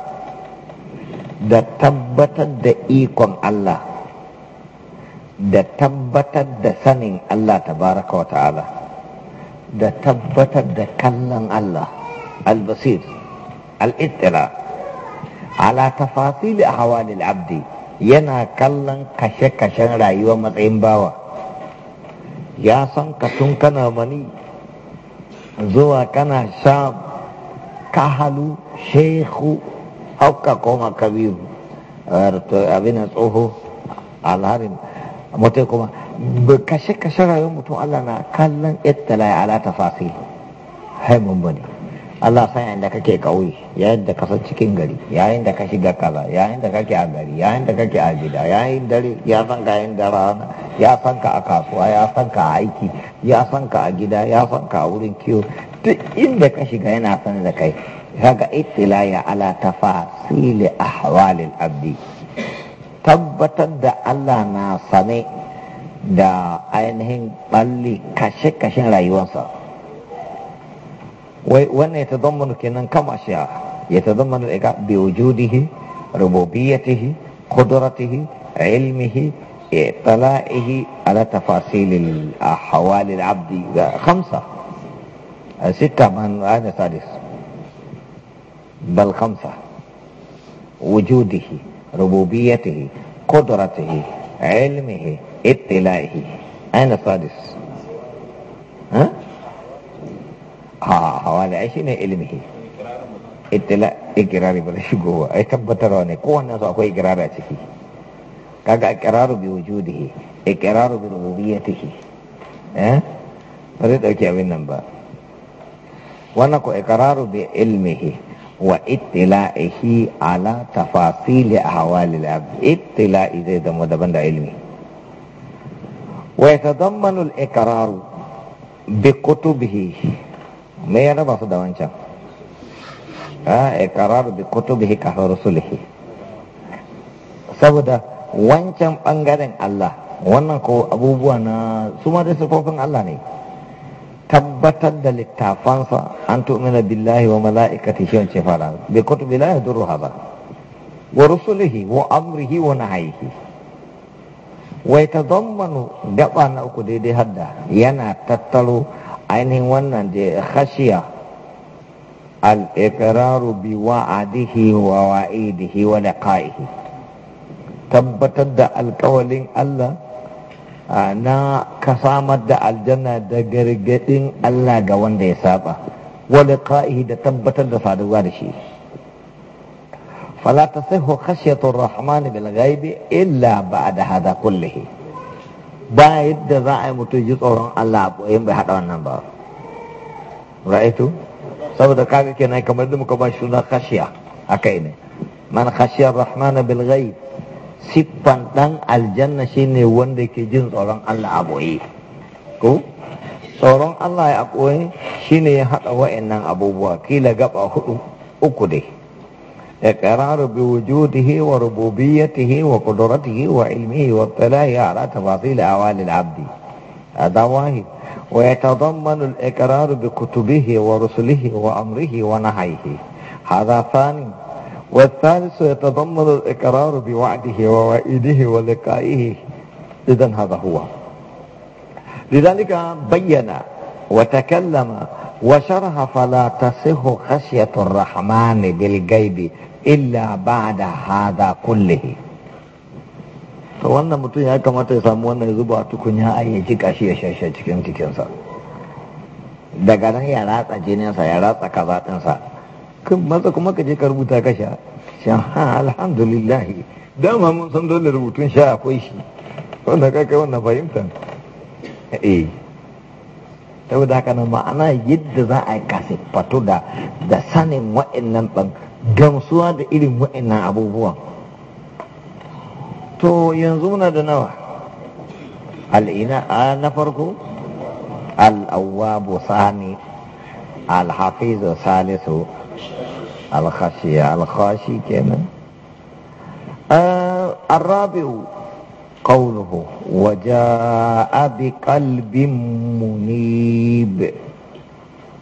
da tabbatar da ikon Allah da tabbatar da sanin Allah tabaraka wa ta'ala da tabbatar da kallon Allah albasir الاطلاع ala تفاصيل أحوال abdi, yana kallon kashe-kashen rayuwar matsayin bawa ya san ka tun kana mani zuwa kana sha kahalu shehu hauka koma kabiru abin tsoho alharin mutum kuma kashe-kashen rayuwar mutum allah na kallon ittala ala tafasili haimun bane Allah san yayin da kake kauye yayin da kasar cikin gari yayin da ka shiga kaza yayin da kake a gari yayin da kake a gida yayin dare ya san ka yayin da rana ya san ka a kasuwa ya san ka a aiki ya san ka a gida ya san ka a wurin kiwo duk inda ka shiga yana san da kai kaga ya ala tafasili ahwalil abdi tabbatar da Allah na sane da ainihin balli kashe-kashen rayuwarsa وأن يتضمن كنا كم أشياء يتضمن الإقاء بوجوده ربوبيته قدرته علمه اطلاعه على تفاصيل أحوال العبد خمسة ستة من هذا سادس بل خمسة وجوده ربوبيته قدرته علمه اطلاعه أنا سادس ها a wani ai shine ilmihi ittila ikirari ba da shigowa ai tabbatarwa ne kowanne su akwai ikirari a ciki kaga ikiraru bi wujudihi ikiraru bi rububiyyatihi eh ba zai dauki abin nan ba wannan ko ikiraru bi ilmihi wa ittila'ihi ala tafasili ahwalil abd ittila'i zai zama daban da ilmi wa yatadammanu al-ikraru bi kutubihi me ya raba su da wancan a iqrar bi kutubihi ka rusulihi saboda wancan bangaren Allah wannan ko abubuwa na su da sifofin Allah ne tabbatar da littafansa an tu'mina billahi wa mala'ikati shi wance fara bi kutubi la yadurru hada wa rusulihi wa amrihi wa nahyihi wai ta zammanu gaɓa na uku daidai hadda yana tattalo ainihin wannan da khashiya al-iqraru bi wa'adihi wa wa'idihi wa liqa'ihi tabbatar da alkawalin Allah na ka samar da aljanna da gargadin Allah ga wanda ya saba wa liqa'ihi da tabbatar da saduwa da shi فلا تصح خشية الرحمن بالغيب إلا بعد هذا كله ba yadda za a yi mutum ji tsoron Allah a yin bai wannan ba ra'itu saboda kaga kenan kamar da muka ba suna khashiya akai ne man khashiya rahman bil ghaib siffan dan aljanna shine wanda ke jin tsoron Allah a boye ko tsoron Allah ya koyi shine ya haɗa wa'annan abubuwa kila gaba hudu uku dai إقرار بوجوده وربوبيته وقدرته وعلمه واطلاعه على تفاصيل أعوال العبد هذا واحد ويتضمن الإقرار بكتبه ورسله وأمره ونهيه هذا ثاني والثالث يتضمن الإقرار بوعده ووعيده ولقائه إذا هذا هو لذلك بين وتكلم وشرح فلا تصح خشية الرحمن بالغيب illa ba da haza kulle to wannan mutum ya kamata ya samu wannan ya zuba tukunya a ya ji kashi ya shashe cikin cikinsa daga nan ya ratsa jininsa ya ratsa kazaɗinsa kan matsa kuma ka je ka rubuta ka sha shan ha alhamdulillah dama mun san dole rubutun sha akwai shi wanda kai wannan fahimtar eh saboda haka nan ma'ana yadda za a yi kasifatu da sanin wa'annan ɗan gamsuwa da irin wa'ina abubuwan to yanzu na da nawa al'ina na farko al'awwabu sani alhafizu salisu alhashi alhashi kenan Waje bi kalbin munib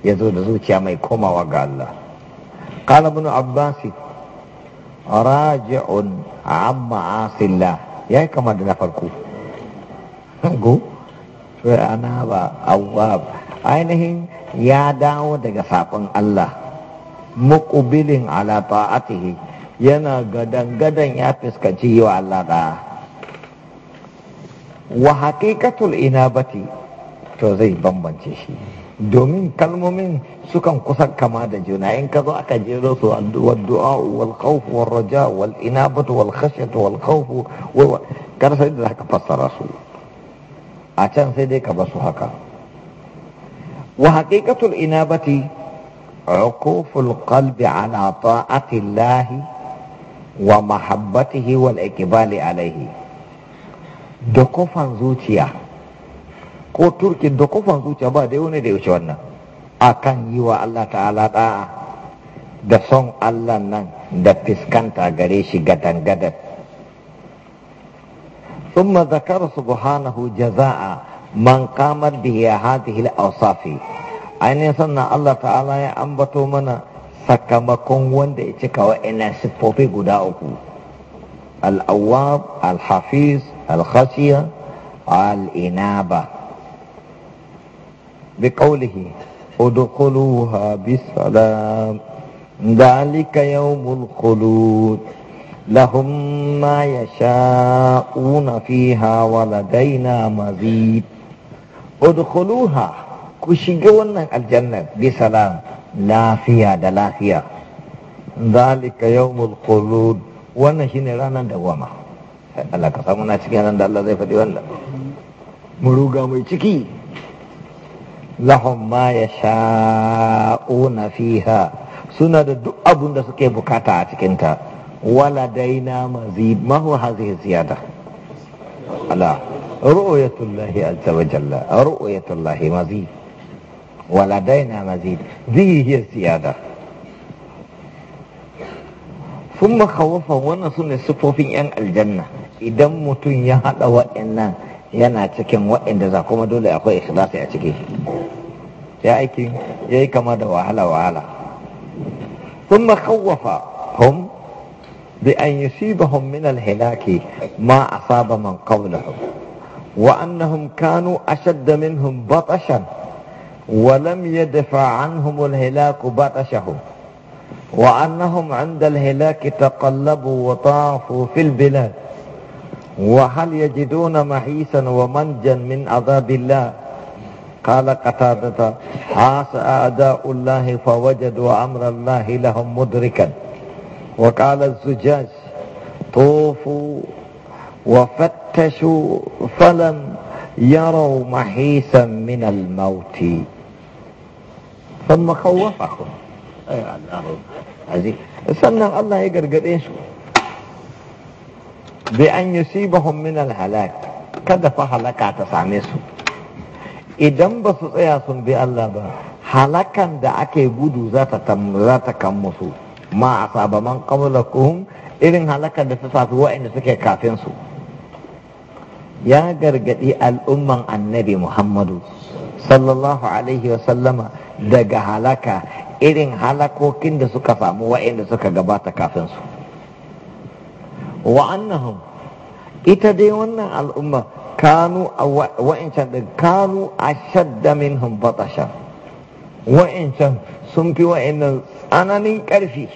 ya zo da zuciya mai komawa ga Allah. قال ابن عباس Raja'un عن معاصي الله يا كما دنا go to ana ba awwab ainihin ya dawo daga sakon Allah muqbilin ala ta'atihi yana gadan gadan ya fuskanci wa Allah da wa ina inabati to zai bambance shi domin kalmomin sukan kusa kama da juna in ka zo aka jero su waddu'a wal khawf wal raja wal inabatu wal khashyatu wal khawf kar sai da haka fassara su a can sai dai ka ba su haka wa haqiqatul inabati uquful qalbi ala ta'ati Allah wa mahabbatihi wal ikbali alaihi da kofan zuciya ko turkin da kofan zuciya ba dai wani da yaushe wannan akan yi wa Allah ta'ala da'a da son Allah nan da fiskanta gare shi su gadan ثم ذكر سبحانه جزاء من قامت به هذه الأوصاف ainihin sannan Allah ta'ala ya ambato mana sakamakon wanda ya cika wa'ina siffofi guda uku al'awwab al-hafiz al-khashiya al-inaba بقوله ادخلوها بسلام ذلك يوم الخلود لهم ما يشاءون فيها ولدينا مزيد ادخلوها كشجون الجنة بسلام لا فيها دلا فيها ذلك يوم الخلود وانا shine ranar dawama Allah ka samu na cikin ran da Allah zai faɗi wannan mu mai ciki lahum ma yasha'una fiha suna da duk abun da suke bukata a cikinta. wala daina mazid ma huwa hadhihi ziyada ala ru'yatullahi azza wa jalla ru'yatullahi mazid wala daina mazid dhi hiya ziyada thumma khawafan wannan sune sifofin yan aljanna idan mutum ya hada wa'annan yana cikin waɗanda za kuma dole akwai ikhlasi a ciki ya aiki ya yi kama da wahala wahala sun makawafa hum bi an yi siba hum min alhilaki ma a saba man kawulahum wa annahum kanu ashadda minhum batashan wa lam ولم يدفع عنهم الهلاك بطشهم وأنهم عند الهلاك wa ta'afu fil bilad وهل يجدون محيسا ومنجا من عذاب الله قال قتادة عاس أعداء الله فوجدوا أمر الله لهم مدركا وقال الزجاج طوفوا وفتشوا فلم يروا محيسا من الموت ثم خوفهم أي الله عزيز سنة الله يقرقر إيش bi an yusibahum ba al-halak kada fa halaka ta same su idan ba su tsaya sun bi Allah ba halakan da ake gudu za ta kan musu ma asaba man qablakum irin halakan da ta safi wa'inda suke kafin su ya gargadi al'umman annabi Muhammadu sallallahu alaihi wasallama daga halaka irin halakokin da suka samu wa'inda suka gabata kafin su وأنهم يتدون الأمة كانوا وإن كانوا أشد منهم بطشا وإن شاء سمك وإن أنا نكرفي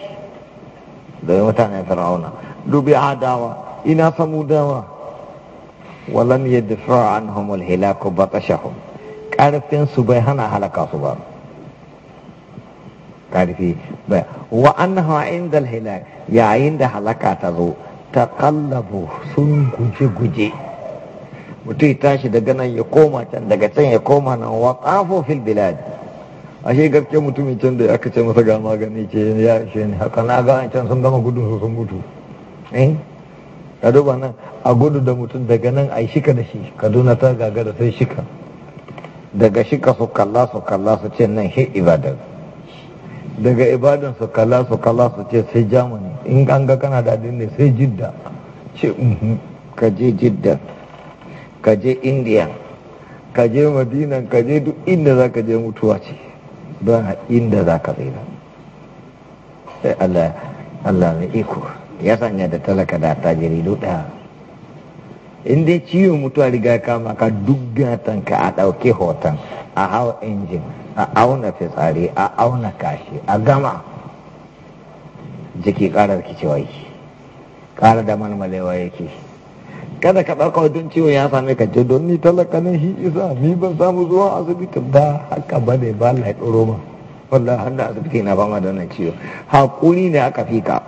دعوة فرعون لبي عداوة إنا سمودوا ولم يدفع عنهم الهلاك بطشهم كارفين سبيهنا هلكا سبان كارفين وأنها عند الهلاك يعني عند هلكا تذو Ta taqallabu sun guje-guje mutum ya tashi daga nan ya koma can daga can ya koma nan wa Kafofin fil bilad ashe gaske mutumin can da aka ce masa ga magani ce ya shi ne haka na ga can sun gama gudun su sun mutu. eh ka duba nan a gudu da mutum daga nan a yi shika da shi kaduna ta gagara sai shika daga shika su kalla su kalla su ce nan shi ibadar daga ibadan su kala su kala su ce sai germany in an ga kana da ne sai jidda ce mhm, ka je jidda ka je india ka je madinan ka je duk inda za ka je mutuwa ce ba inda za ka tsira sai allah allah mai iko ya sanya da talaka da tajiri duk inda in dai ciwon mutuwa riga kama ka duk gatan ka a ɗauke hoton a hau injin a auna fitsari a auna kashi a gama jiki ƙara kicewa yake ƙara da malmalewa yake kada ka ɗauka wajen ciwo ya same ka ce don ni talaka ne shi isa ni ban samu zuwa asibiti da haka ba ne ba la ɗoro ma hannu har asibiti na fama da wannan ciwo haƙuri ne aka fi ka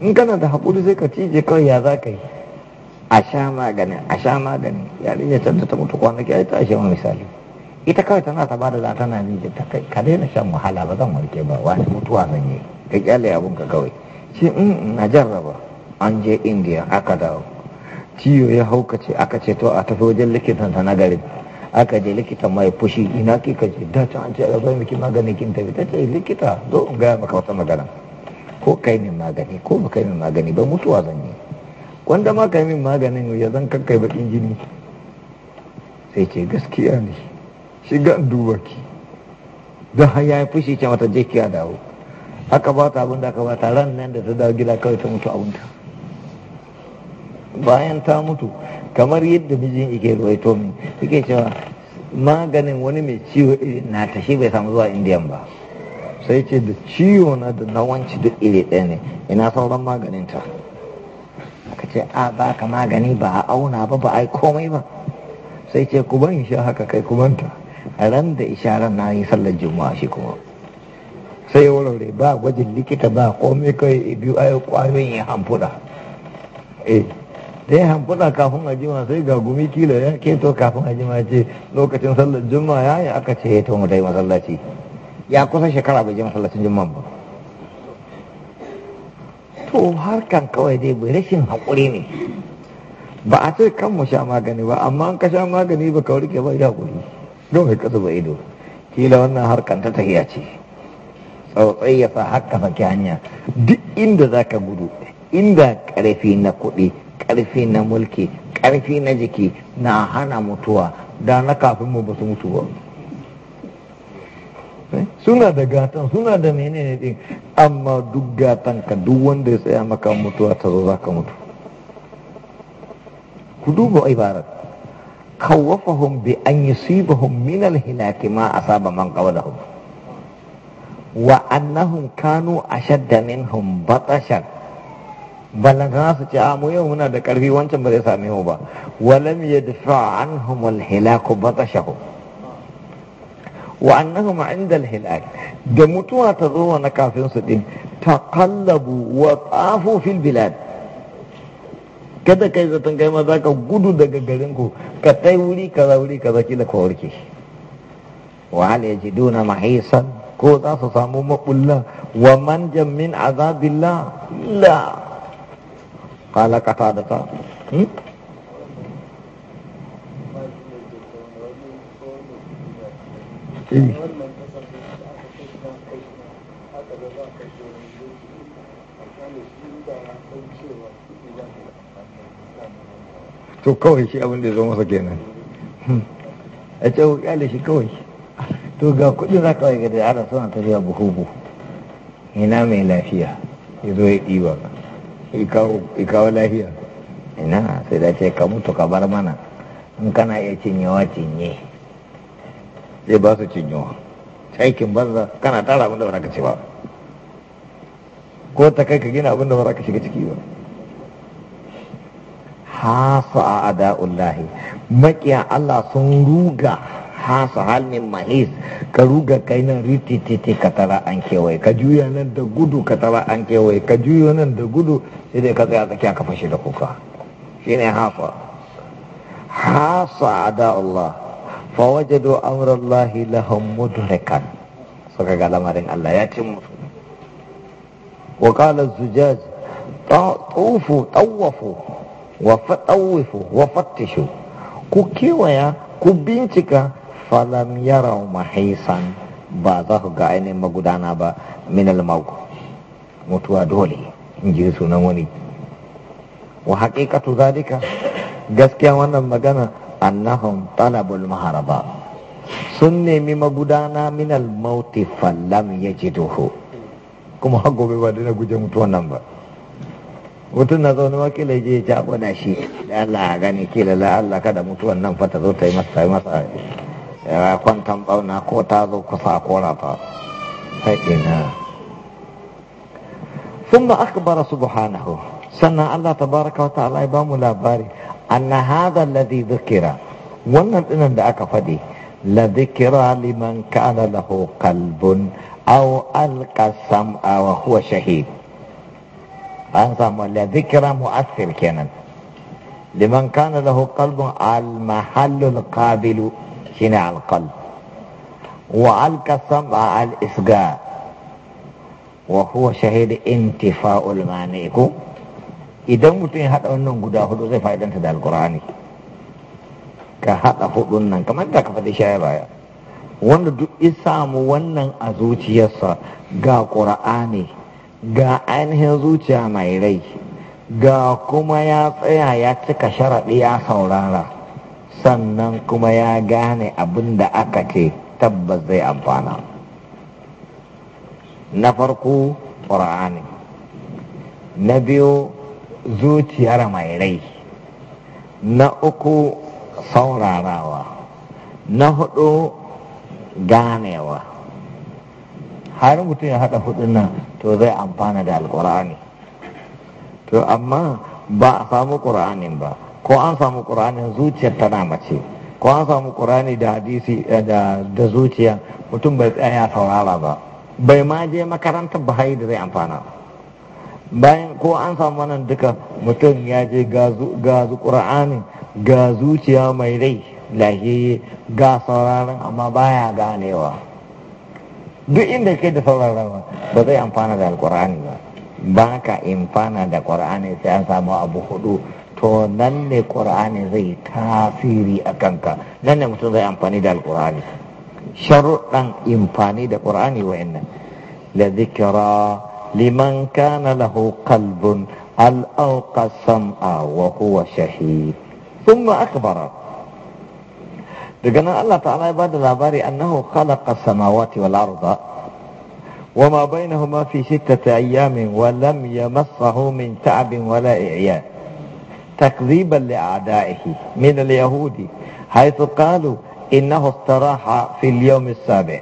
in kana da haƙuri sai ka cije kawai ya za ka yi a sha maganin a sha magani yarinya can ta mutu kwanaki ai ta ashe misali ita kawai tana ta bada za tana ji da kai ka daina shan wahala ba zan warke ba wani mutuwa zan yi ka kyale abun ka kawai shi in mm, mm, na jarraba an je indiya aka dawo ciyo ya haukace ce aka ceto a tafi wajen likitan ta nagari garin aka je likitan mai fushi ina kika ce da ta an ce a zai miki magani kin tafi ta ce likita zo in gaya maka wata magana ko kai min magani ko ba kai min magani ba mutuwa zan yi wanda ma kai min maganin ya zan kakkai bakin jini sai ce gaskiya ne shiga in duba ki don har ya fushi ce mata je kiya dawo aka ba ta abin da aka ba ta ran nan da ta dawo gida kawai ta mutu abin ta bayan ta mutu kamar yadda mijin yake ruwaito min yake cewa maganin wani mai ciwo irin na ta shi bai samu zuwa indiyan ba sai ce da ciwo na da nawanci duk iri ɗaya ne ina sauran maganin ta aka ce a ba ka magani ba a auna ba ba a yi komai ba sai ce ku ban sha haka kai ku ta. ran da isharar na yi sallar juma'a shi kuma sai ya warware ba gwajin likita ba komai kai biyu ayo kwayoyin ya hamfuda eh dai hamfuda kafin a jima sai ga gumi kila ya keto kafin a jima ce lokacin sallar juma'a ya yi aka ce ya tamu dai masallaci ya kusa shekara bai je masallacin juma'a ba to harkan kawai dai bai rashin haƙuri ne ba a ce kan mu sha magani ba amma an ka sha magani ba ka warke ba ya haƙuri don ka zuba ido kila wannan harkar ta tahiya ce tsautsai ya sa haka fake hanya duk inda za ka gudu inda karfi na kuɗi ƙarfi na mulki ƙarfi na jiki na hana mutuwa da na kafin mu basu su mutu ba suna da gatan suna da menene din amma duk gatan ka duk wanda ya tsaya maka mutuwa ta zo za ka mutu ku duba ibarat khawwafahum bi an yusibahum min al-hinaki ma asaba man qawlahum wa annahum kanu ashadda minhum batashan ballan su ce a ah, mu yau muna da karfi wancan ba zai same mu ba walam yadfa anhum al-hilaku batashahum wa annahum inda al-hilak da mutuwa ta zo na kafin su din taqallabu wa tafu fil bilad kada kai zaton kai ma za ka gudu daga garin ku ka tai wuri kaza wuri kaza kila ka warke wa hal yajiduna mahisan ko za su samu maɓulla wa man min azabillah la qala da ta to kawai shi abin da ya zo masa kenan hmm. a ce da shi kawai to ga kudin za kawai ga da ana suna tafiya buhubu ina mai lafiya ya zo ya ɗiba ya kawo lafiya ina sai da ce ka mutu ka bar mana in kana iya cinyewa cinye zai ba su cinyewa aikin banza kana tara abin da ba ka ci ba ko ta kai ka gina abin da ba ka shiga ciki ba hafa a ada'ullahi maƙiya Allah sun ruga hasa halin mahis ka ruga kai nan rititi ka tara an kewaye ka juya nan da gudu ka tara an kewaye ka juya nan da gudu sai dai ka tsaya tsakiya ka fashe da kuka hafa hasa ada Allah fa waje do amrallahi lahum mudurikan. suka ga lamarin Allah ya cin musu wa qala zujaj طوفوا طوفوا wa fatawifu wa fattishu ku kewaya ku bincika falam yarau mahaisan ba za ku ga ainihin magudana ba minal mauku mutuwa dole in ji sunan wani wa haƙiƙatu zalika gaskiya wannan magana annahum talabul maharaba sun nemi magudana minal mauti falam yajiduhu kuma har gobe ba na guje mutuwan nan ba mutum na zaune wakila ya je ya jagwada shi da Allah a gani ke la Allah kada mutuwan nan fata zo ta yi masa yi masa ya kwantan bauna ko ta zo kusa a na ta ta ina sun ma akbara subhanahu sannan Allah ta baraka wa ta'ala ya bamu labari anna hadha alladhi dhukira wannan dinan da aka faɗi. la dhikra liman kana lahu qalbun aw alqa sam'a wa huwa shahid an samu la zikra kenan liman kana lahu qalbun al mahallul qabilu shine al qalb wa alka al isga wa huwa shahid intifa'ul maniku idan mutum ya haɗa wannan guda hudu zai fa'idanta da alqur'ani ka hada hudun nan kamar da ka shaya baya wanda duk isa mu wannan a zuciyarsa ga ƙura'ani ga ainihin zuciya mai rai ga kuma ya tsaya ya cika sharaɗi ya saurara sannan kuma ya gane abin da aka ce tabbas zai amfana na farko ƙura'ani na biyu zuciyar mai rai na uku saurarawa na hudu ganewa har mutum ya haɗa kuɗin nan to zai amfana da alƙur'ani to amma ba a samu ƙur'anin ba ko an samu ƙur'anin zuciyar tana mace ko an samu ƙur'ani da hadisi eh, da zuciya mutum bai tsaya ya saurara ba bai ma je makarantar ba da zai amfana bayan ko an samu wannan duka mutum ya je ga ƙur'ani ga zuciya mai rai lahiye ga sauraron amma baya ganewa duk inda kai da sauraron ba zai amfana da alkur'ani ba ba ka amfana da ƙur'ani sai an samu abu hudu to nan ne ƙur'ani zai tasiri a kanka nan ne mutum zai amfani da alkur'ani sharuɗan amfani da ƙur'ani inna la zikira liman kana lahu qalbun al sam'a wa huwa shahid thumma akbara daga nan Allah ta'ala ya bada labari annahu khalaqa samawati wal arda wama bainahuma fi sittati ayyamin wa lam yamassahu min ta'bin wala i'yan takdhiban li a'da'ihi min al yahudi haythu qalu innahu istaraha fi al yawm as-sabi'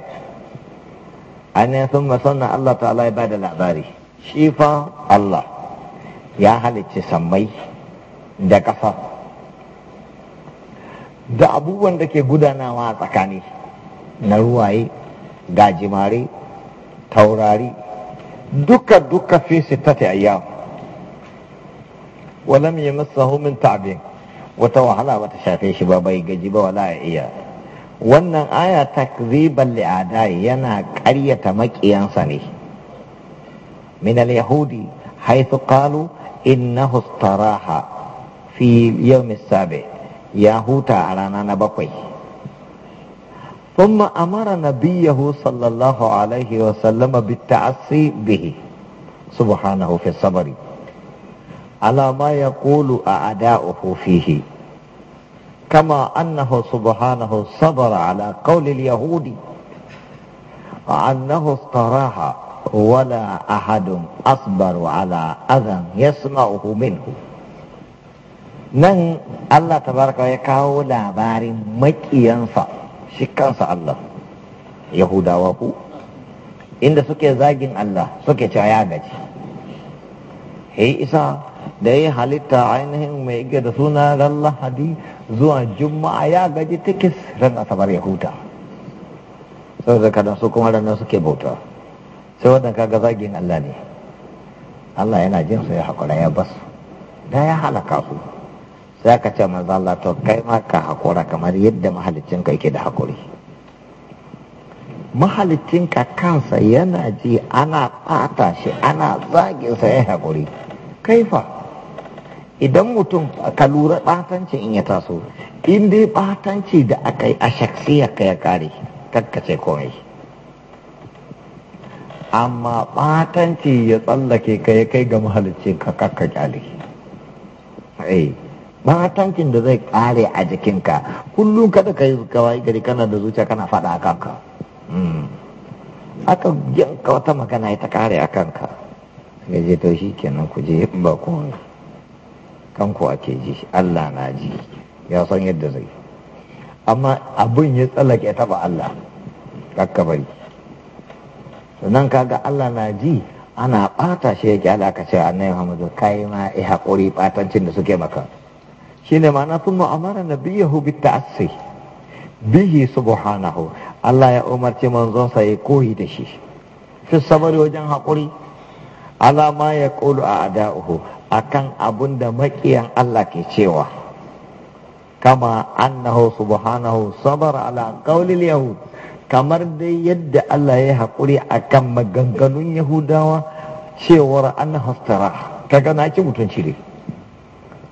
anna thumma sanna Allah ta'ala ya bada labari shifa Allah ya halicci sammai da ƙasa da abubuwan da ke gudanawa a tsakani na ruwaye gajimare taurari duka duka fi sittati ayyam walam masu min ta'bin wata wahala bata shafe shi ba bai gaji ba wala iya wannan aya takziban li'ada yana karyata maƙiyansa ne min yahudi haisu qalu innahu istaraha fi yau sabi ya huta a rana na bakwai ثم أمر نبيه صلى الله عليه وسلم بالتعصي به سبحانه في الصبر على ما يقول أعداؤه فيه كما أنه سبحانه صبر على قول اليهود وأنه استراح ولا أحد أصبر على أذى يسمعه منه nan Allah tabaraka ya kawo labarin makiyansa shi kansa Allah Yahudawa ku inda suke zagin Allah suke cewa ya gaji he isa da ya halitta ainihin mai iga da suna ran lahadi zuwa juma'a ya gaji tikis ran asabar yahuda saboda kada su kuma ranar suke bauta sai wadda kaga zagin Allah ne Allah yana jin su ya ya basu da ya halaka su Zaka ka ce manzo Allah to kai ma ka hakura kamar yadda mahaliccinka yake da hakuri mahaliccinka kansa yana ji ana ɓata shi ana zagin sa ya hakuri kaifa idan mutum ka lura ɓatanci in ya taso in dai ɓatanci da aka yi a shaksiya ka ya kare kakkace komai amma ɓatanci ya tsallake ka ya kai ga mahaliccinka kakka kyale eh. tankin da zai kare a jikinka kullum kada ka yi kawai gari kana da zuciya kana faɗa a kanka hmm. aka yanka wata magana ya ta kare a kanka ga je to shi kenan ku je ba ku kanku ake ji Allah na ji ya san yadda zai amma abin ya tsallake taba Allah kakka bari sannan kaga Allah na ji ana ɓata shi yake gyala ka ce annabi Muhammadu kai ma eh batancin da suke maka shine ma'ana sun amara nabiyahu bitta'assi bihi subhanahu Allah ya umarci manzonsa ya koyi da shi fi sabari wajen haƙuri alama ya ƙolu a ada'uhu akan abun da maƙiyan Allah ke cewa kama annahu subhanahu sabara ala yahud kamar dai yadda Allah ya haƙuri akan maganganun yahudawa cewar annahu hastara kaga na ci mutunci ne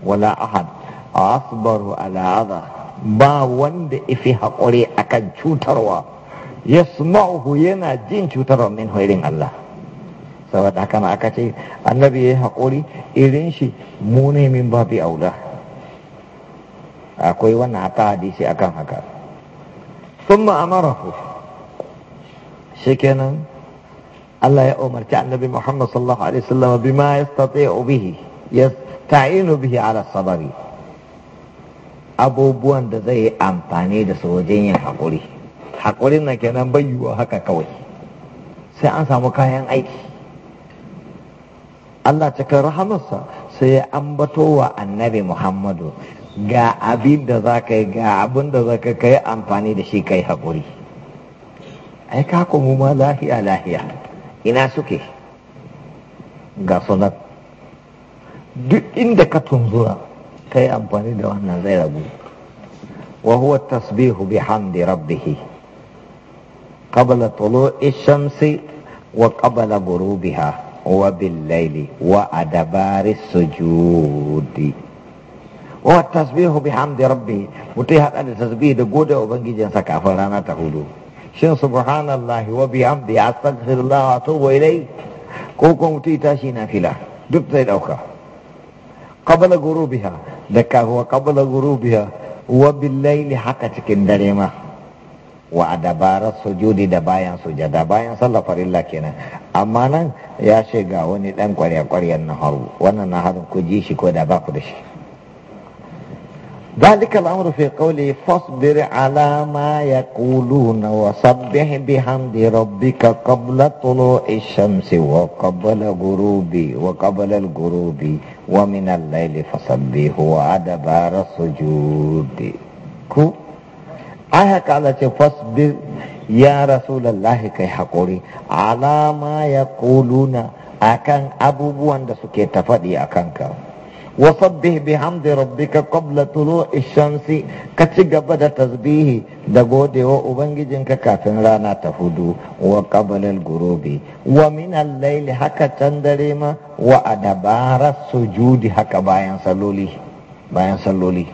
wala ahad asbaru ala adha ba wanda ifi haƙuri akan cutarwa yasma'uhu yana jin cutarwa min irin Allah saboda haka ma aka ce annabi ya yi haƙuri irin shi mu ne min babi aula akwai wannan hata hadisi akan haka thumma amarahu shikenan Allah ya umarci annabi Muhammad sallallahu alaihi wasallam bima yastati'u bihi yasta'inu bihi ala sabari abubuwan da zai yi amfani da su wajen yin haƙuri haƙurin na kenan bayyuwa haka kawai sai an samu kayan aiki Allah cikin rahamarsa sai ya ambato wa annabi Muhammadu ga abin da za ka yi ga abin da za ka yi amfani da shi kai haƙuri ai ka kuma ma lahiya lahiya ina suke ga sunan duk inda ka tunzura كي أمباني دو أنا وهو التصبيح بحمد ربه قبل طلوع الشمس وقبل غروبها وبالليل وأدبار السجود وهو التصبيح بحمد ربه متيها قد التصبيح دو قودة وبنجي جنسك أفرانا تقولو شن سبحان الله وبحمد أستغفر الله وأتوب إليه كوكو متيتاشي نافلة دبتا الأوكا قبل غروبها da kahuwa qabla ghurubiha wa bil ne haka cikin dare ma wa dabarar sujudi da bayan sujada bayan sallafa farilla kenan amma nan ya shiga ga wani dan kwarya kwaryan naharu wannan harin ku ji shi ko da ba ku da shi ذلك الأمر في قوله فاصبر على ما يقولون وسبح بحمد ربك قبل طلوع الشمس وقبل غروب وقبل الغروب ومن الليل فصبه وأدبار السجود كو آه قال فاصبر يا رسول الله كي حقوري على ما يقولون أكن أبو بوان دسوكي تفادي أكان كاو wasabbih bihamdi rabbika qabla tulu'i shamsi ka ci gaba da tasbihi da godewa ubangijinka kafin rana ta hudu wa qabla al-ghurubi wa min al-layli haka can dare ma wa adabara sujudi haka bayan saloli. bayan salloli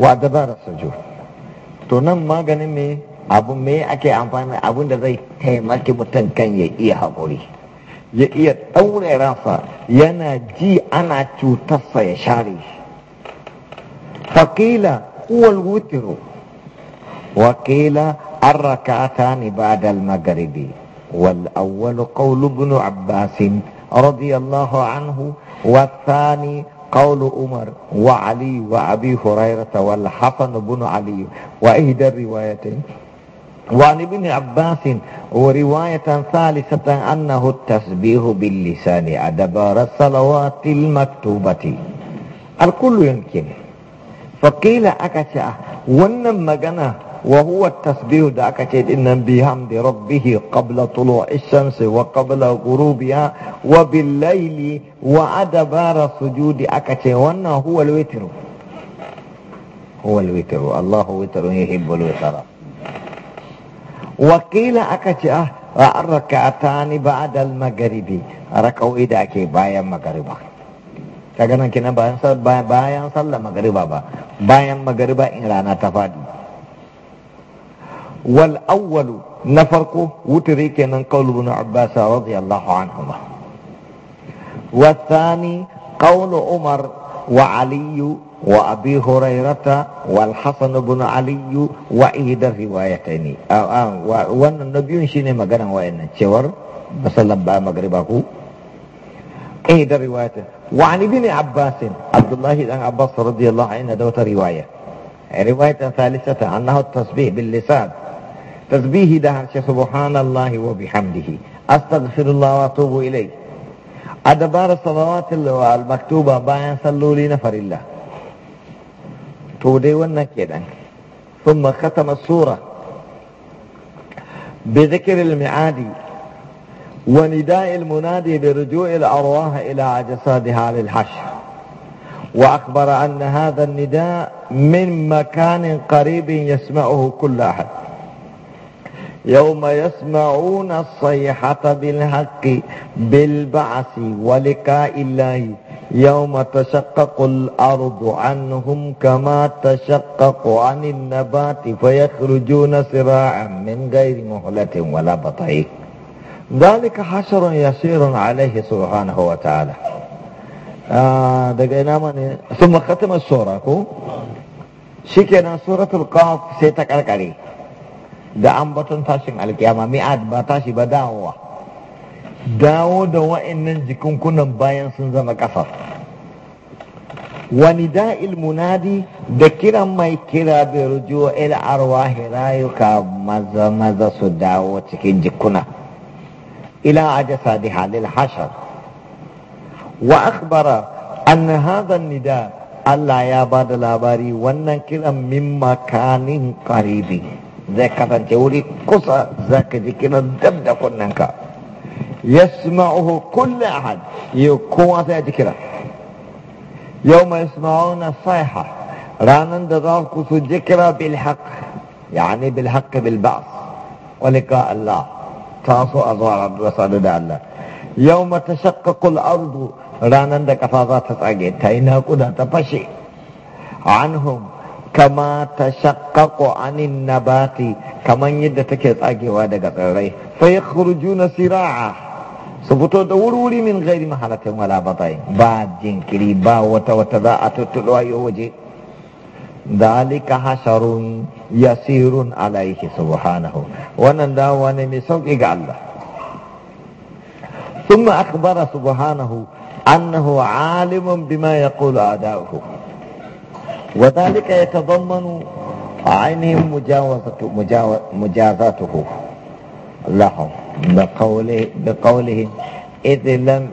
wa adabara sujud to nan maganin me abu me ake amfani abun da zai taimaki mutum kan ya iya haƙuri ya iya ɗaure ransa yana ji ana cutarsa ya share shi faƙila huwal wutiru waƙila an rakata ni ba da magaribi والأول قول ابن عباس رضي الله عنه والثاني قول عمر وعلي وأبي هريرة والحسن بن علي وإهدى الروايتين وعن ابن عباس ورواية ثالثة أنه التسبيح باللسان أدبار الصلوات المكتوبة الكل يمكن فقيل أكتا ونما جنا وهو التسبيح دا أكتا إن بحمد ربه قبل طلوع الشمس وقبل غروبها وبالليل وأدبار السجود أكتا وأنه هو الوتر هو الوتر الله وتر يحب الوتر wakila aka ce ah a ta ni ba'dal magaribi raka'o'i da ake bayan magariba Ka ganin kina bayan bayan magariba ba bayan magariba in rana ta fadi wal awwalu na farko wutiri kenan qawlu ibn abbas radiyallahu anhu wa thani qawlu umar wa aliyu wa abi hurairah wa al hasan ibn ali wa ida riwayat ini wa wannan nabi shine magana wayannan cewar sallan ba magriba ku ida riwayat wa ani bin abbas abdullah ibn abbas radiyallahu anhu da wata riwaya riwayat thalithata annahu tasbih bil lisan tasbihi da harshe subhanallahi wa bihamdihi astaghfirullah wa atubu ilayh adabara salawatil wa al maktuba bayan salloli na farillah تودي ونا كده ثم ختم السورة بذكر المعادي ونداء المنادي برجوع الأرواح إلى عجسادها للحشر وأخبر أن هذا النداء من مكان قريب يسمعه كل أحد يوم يسمعون الصيحة بالحق بالبعث ولقاء الله يوم تشقق الأرض عنهم كما تشقق عن النبات فيخرجون سراعا من غير مهلة ولا بطيء ذلك حشر يسير عليه سبحانه وتعالى آه من نعم. ثم ختم السورة شكنا سورة القاف سيتك الكريم da ambaton tashin alkiyama mi'ad ba tashi dawo da wa'annan jikunkunan bayan sun zama ƙasa wani da'il munadi da kiran mai kira bai rujuwa il arwahi rayuka maza maza su dawo cikin jikuna ila ajasa da halil hashar wa akhbara an hadha nida Allah ya ba da labari wannan kiran min makanin karibi zai kasance wuri kusa zaka ji kiran dab da kunnanka يسمعه كل أحد يقوم في ذكره يوم يسمعون الصيحة رانا دراكو ذكرى بالحق يعني بالحق بالبعث ولقاء الله تاسو أظهر بصدد الله يوم تشقق الأرض رانا دكفاظات تساقين تاينا قدا تفشي عنهم كما تشقق عن النبات كما يدتك تساقي وادك الرأي فيخرجون سراعا بوتو دورولي من غير محلة ولا بطين بعد جن كريبا وتوتا دا اتو وجي ذلك حشر يسير عليه سبحانه ونن دا ونمي سوكي الله ثم أخبر سبحانه أنه عالم بما يقول أعداؤه وذلك يتضمن عينهم مجاوزته مجاوزته لهم بقوله, بقوله إذ لم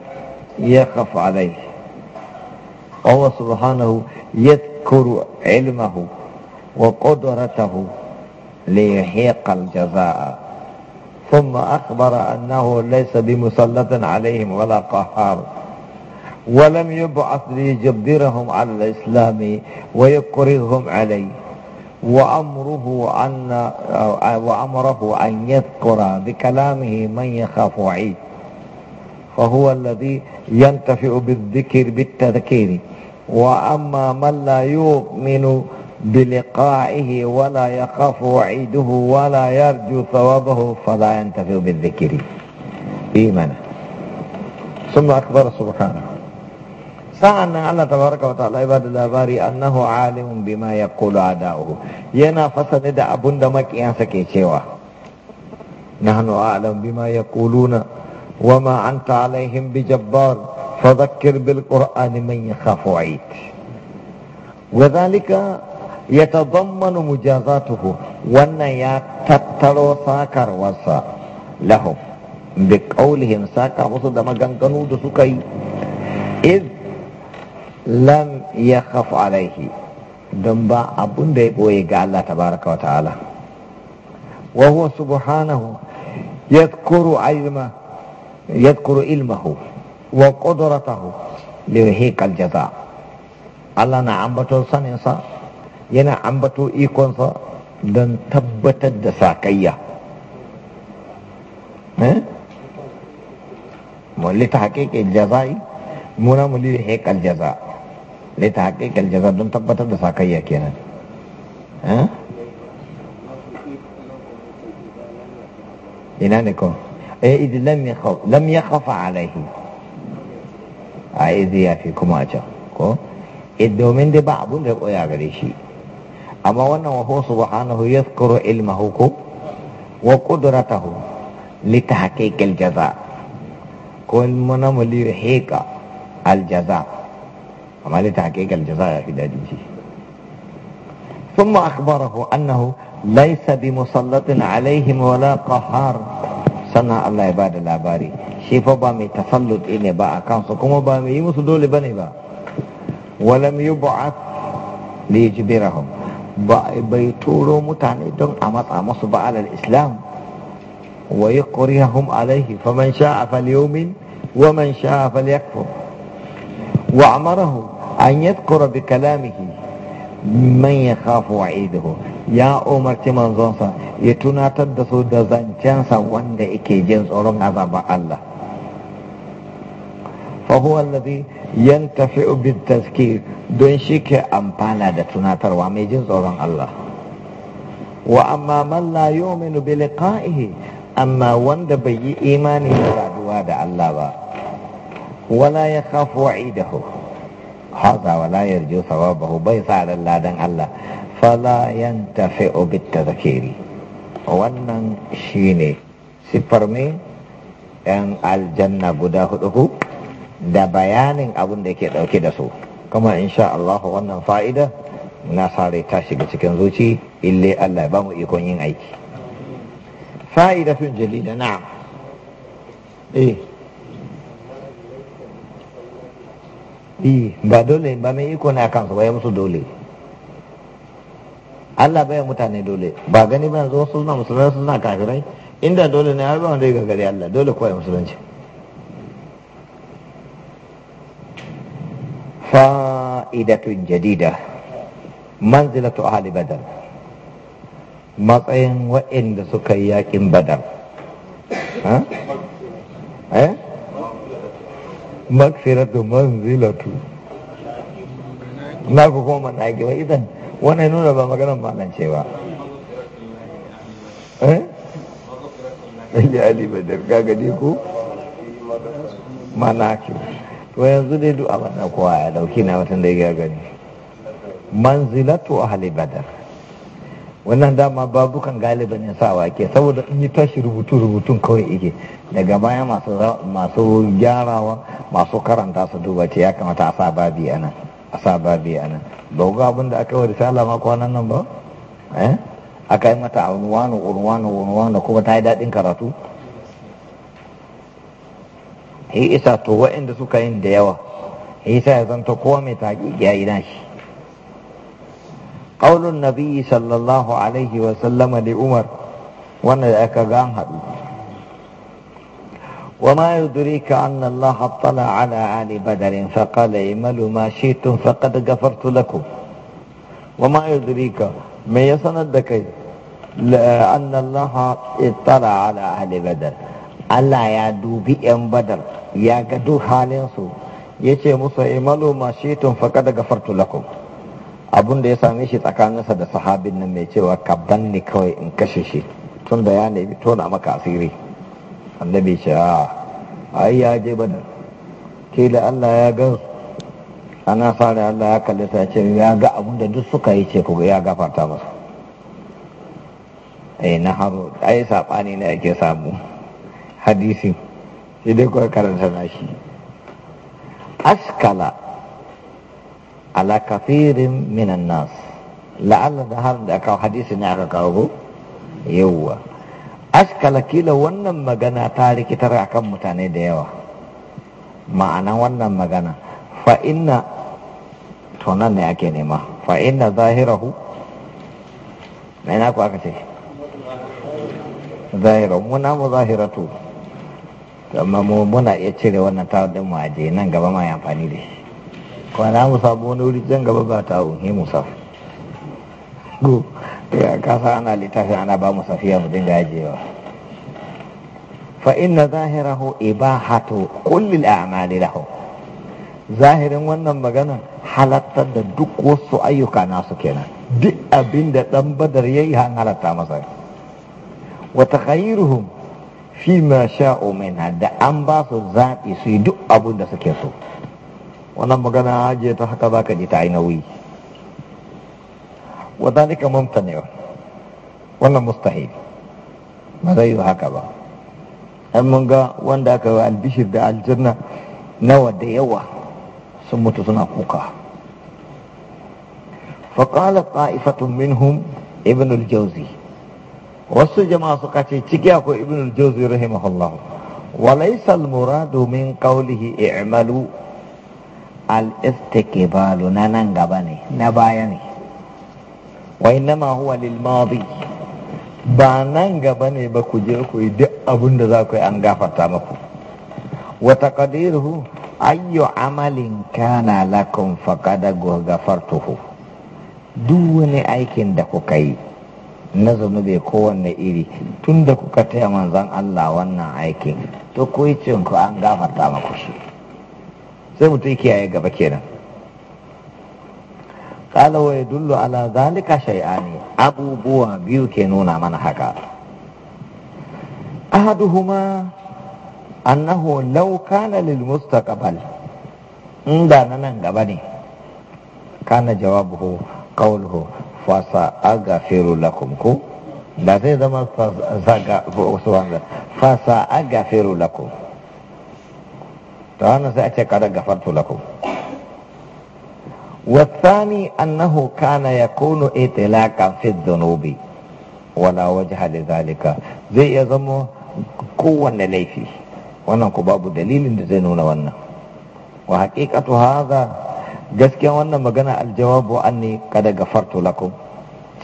يخف عليه هو سبحانه يذكر علمه وقدرته ليحيق الجزاء ثم أخبر أنه ليس بمسلط عليهم ولا قهار ولم يبعث ليجبرهم على الإسلام ويكرههم عليه وأمره أن وأمره أن يذكر بكلامه من يخاف عيد فهو الذي ينتفع بالذكر بالتذكير وأما من لا يؤمن بلقائه ولا يخاف عيده ولا يرجو ثوابه فلا ينتفع بالذكر إيمانا ثم أكبر سبحانه sa'an nan Allah tabaraka wa ta'ala ya da labari annahu alimun bima yaqulu ada'uhu yana fasane da abun da makiyansa ke cewa nahnu a'lam bima yaquluna wa ma anta alaihim bijabbar fadhakkir bil qur'ani man yakhafu 'id wa dhalika yatadammanu mujazatuhu wannan ya tattaro sakarwarsa lahum bi qawlihim saka musu da maganganu da suka yi iz lam ya khafu alaihi don ba abun da ya ɓoye ga Allah tabaraka wa ta'ala wa huwa subhanahu yadhkuru ilma yadhkuru ilmahu wa qudratahu li yuhiqal jaza Allah na ambato saninsa yana ambato ikonsa don tabbatar da sakayya mulli ta haƙiƙin jaza'i muna mulli yuhiqal jaza' لتحقيق الجزاء دون تقبط الدساقية كينا ها إنانكو إذ لم يخف لم يخف عليه أعيذ يا فيكم أجر كو إذ من دي بعض لبقوا غريشي أما وانا وهو سبحانه يذكر علمه وقدرته لتحقيق الجزاء كل منام ليحيك الجزاء amma dai ta في jaza ثم أخبره أنه ليس بمسلط عليهم ولا قهار سنة الله عباد العباري شيفا بامي تسلط إني با أكانسو سكوم بامي يمسو لبني با ولم يبعث ليجبرهم بيتورو متاني دون أمس أمس على الإسلام ويقريهم عليه فمن شاء فليؤمن ومن شاء فليكفر وعمره an yadkura bi kalamihi man ya kafa wa ya umarci manzonsa ya tunatar da su da zancensa wanda yake jin tsoron azaban Allah. fahu wallazi yan tafi ubin don shi ke amfana da tunatarwa mai jin tsoron Allah. wa amma man la yu'minu bi amma wanda bai yi imani da raduwa da Allah ba wala ya kafa wa haza wa la yarju sawabahu bai sa ran ladan Allah fala yantafi'u bit tadhkiri wannan shine sifar me yan aljanna guda hudu da bayanin abin da yake dauke da su kuma insha Allah wannan fa'ida na sare ta shiga cikin zuci ille Allah ya bamu ikon yin aiki fa'idatun jalila na'am eh ba dole ba mai iko ne a kansu ba ya musu dole Allah bai mutane dole ba gani ba yanzu wasu suna musulmai suna kafirai inda dole ne har ba wanda ya gagari Allah dole ya musulunci fa'idatun jadida manzilatu ahli badar matsayin wa'inda suka yi yakin badar eh maksiratu tu. na ku kuma manage gaba idan wannan nuna ba ba nan cewa. eh ya ali badar kaga dai ko manaki to yanzu dai duk abin na kowa ya dauki na watan da ya gani manzilatu ahli badar wannan dama babukan galibin ya sawa ke saboda in yi tashi rubutu rubutun kawai ike daga baya masu gyarawa masu karanta su duba ce ya kamata a sa babi nan, a sa babi nan ba ga abin da aka yi wa risala ma kwanan nan ba eh aka yi mata unwanu unwanu unwanu kuma ta yi daɗin karatu yi isa to wa'inda suka yin da yawa yi isa ya zanta kowa mai taƙi ya yi nashi kawun nabi'u sallalahu alaihi wa sallama di umar wani aka gan haɗu. Wama yauduri ka annallaha abdala al'ada a alibadar, ina sa kala ma luma shi tun fadada ga fartu laku. me yasan da ke annallaha abdala al'ada a alibadar, an ya dubi yan badar, ya gado halin suna, ya ce musa ma luma shi tun fadada ga fartu laku. abun da ya same shi tsakaninsa da sahabin nan mai cewa ka ni kawai in kashe shi tun da ya nemi tona maka asiri annabi ce a ah, ai ya je badar da Allah ya ga ana fara Allah ya kalli ta ce ya ga abun da duk suka yi ce kuma ya gafarta masa eh na haro ai saɓani ne ake samu hadisi sai dai kuwa karanta nashi askala ala kafirin minan nas la'alla da har da aka hadisi ne aka kawo yawwa askala kila wannan magana ta rikitar akan mutane da yawa ma'ana wannan magana fa inna to nan ne ake nema fa inna zahirahu mai na ku aka ce zahirahu muna mu zahiratu amma muna iya cire wannan ta wadda mu aje nan gaba ma amfani da shi kwana mu samu wani wuri jan gaba ba ta wuhe musa go ya kasa ana littafi ana ba mu safiya mu dinga ajewa fa inna zahirahu ibahatu kulli al'amali lahu zahirin wannan magana halattar da duk wasu ayyuka nasu kenan duk abin da dan badar yayi an halatta masa wa takhayiruhum fi ma sha'u minha da an ba su zaɓi su yi duk abin da suke so wannan magana je ta haka za ka ji ta ainihi wadalika mumtaniwa wannan mustahil ba zai yi haka ba an mun ga wanda aka yi albishir da aljanna nawa da yawa sun mutu suna kuka faƙala ta'ifatun minhum ibn al-jawzi wasu jama'a suka ce ciki akwai ibn al-jawzi rahimahullah wa laysa al-muradu min qawlihi i'malu al-istiqbalu na nan gaba ne na baya ne wa innama huwa lil madi ba nan gaba ne ba ku je ku yi duk abun da za ku yi an gafarta maku wa taqdiruhu ayyu amalin kana lakum faqad ghafartuhu duk wani aikin da kuka yi na zunube kowanne iri tun da kuka taya manzon Allah wannan aikin to ku yi cinku an gafarta maku shi sai mutum kiyaye gaba kenan Kala wa dullu ala zalika shay'ani abubuwa biyu ke nuna mana haka ahaduhuma annahu law kana lil mustaqbal inda nan gaba ne kana jawabuhu qawluhu fa aghfiru lakum ku da zai zama fa aghfiru lakum rana sai a ce kada gafartu lakum wasani annahu kana ya kono itilaka fi dhunubi wala waje li zalika zai iya zama kowanne laifi wannan ku babu dalilin da zai nuna wannan wa haqiqatu haza gaskiya wannan magana aljawabu anni kada gafartu lakum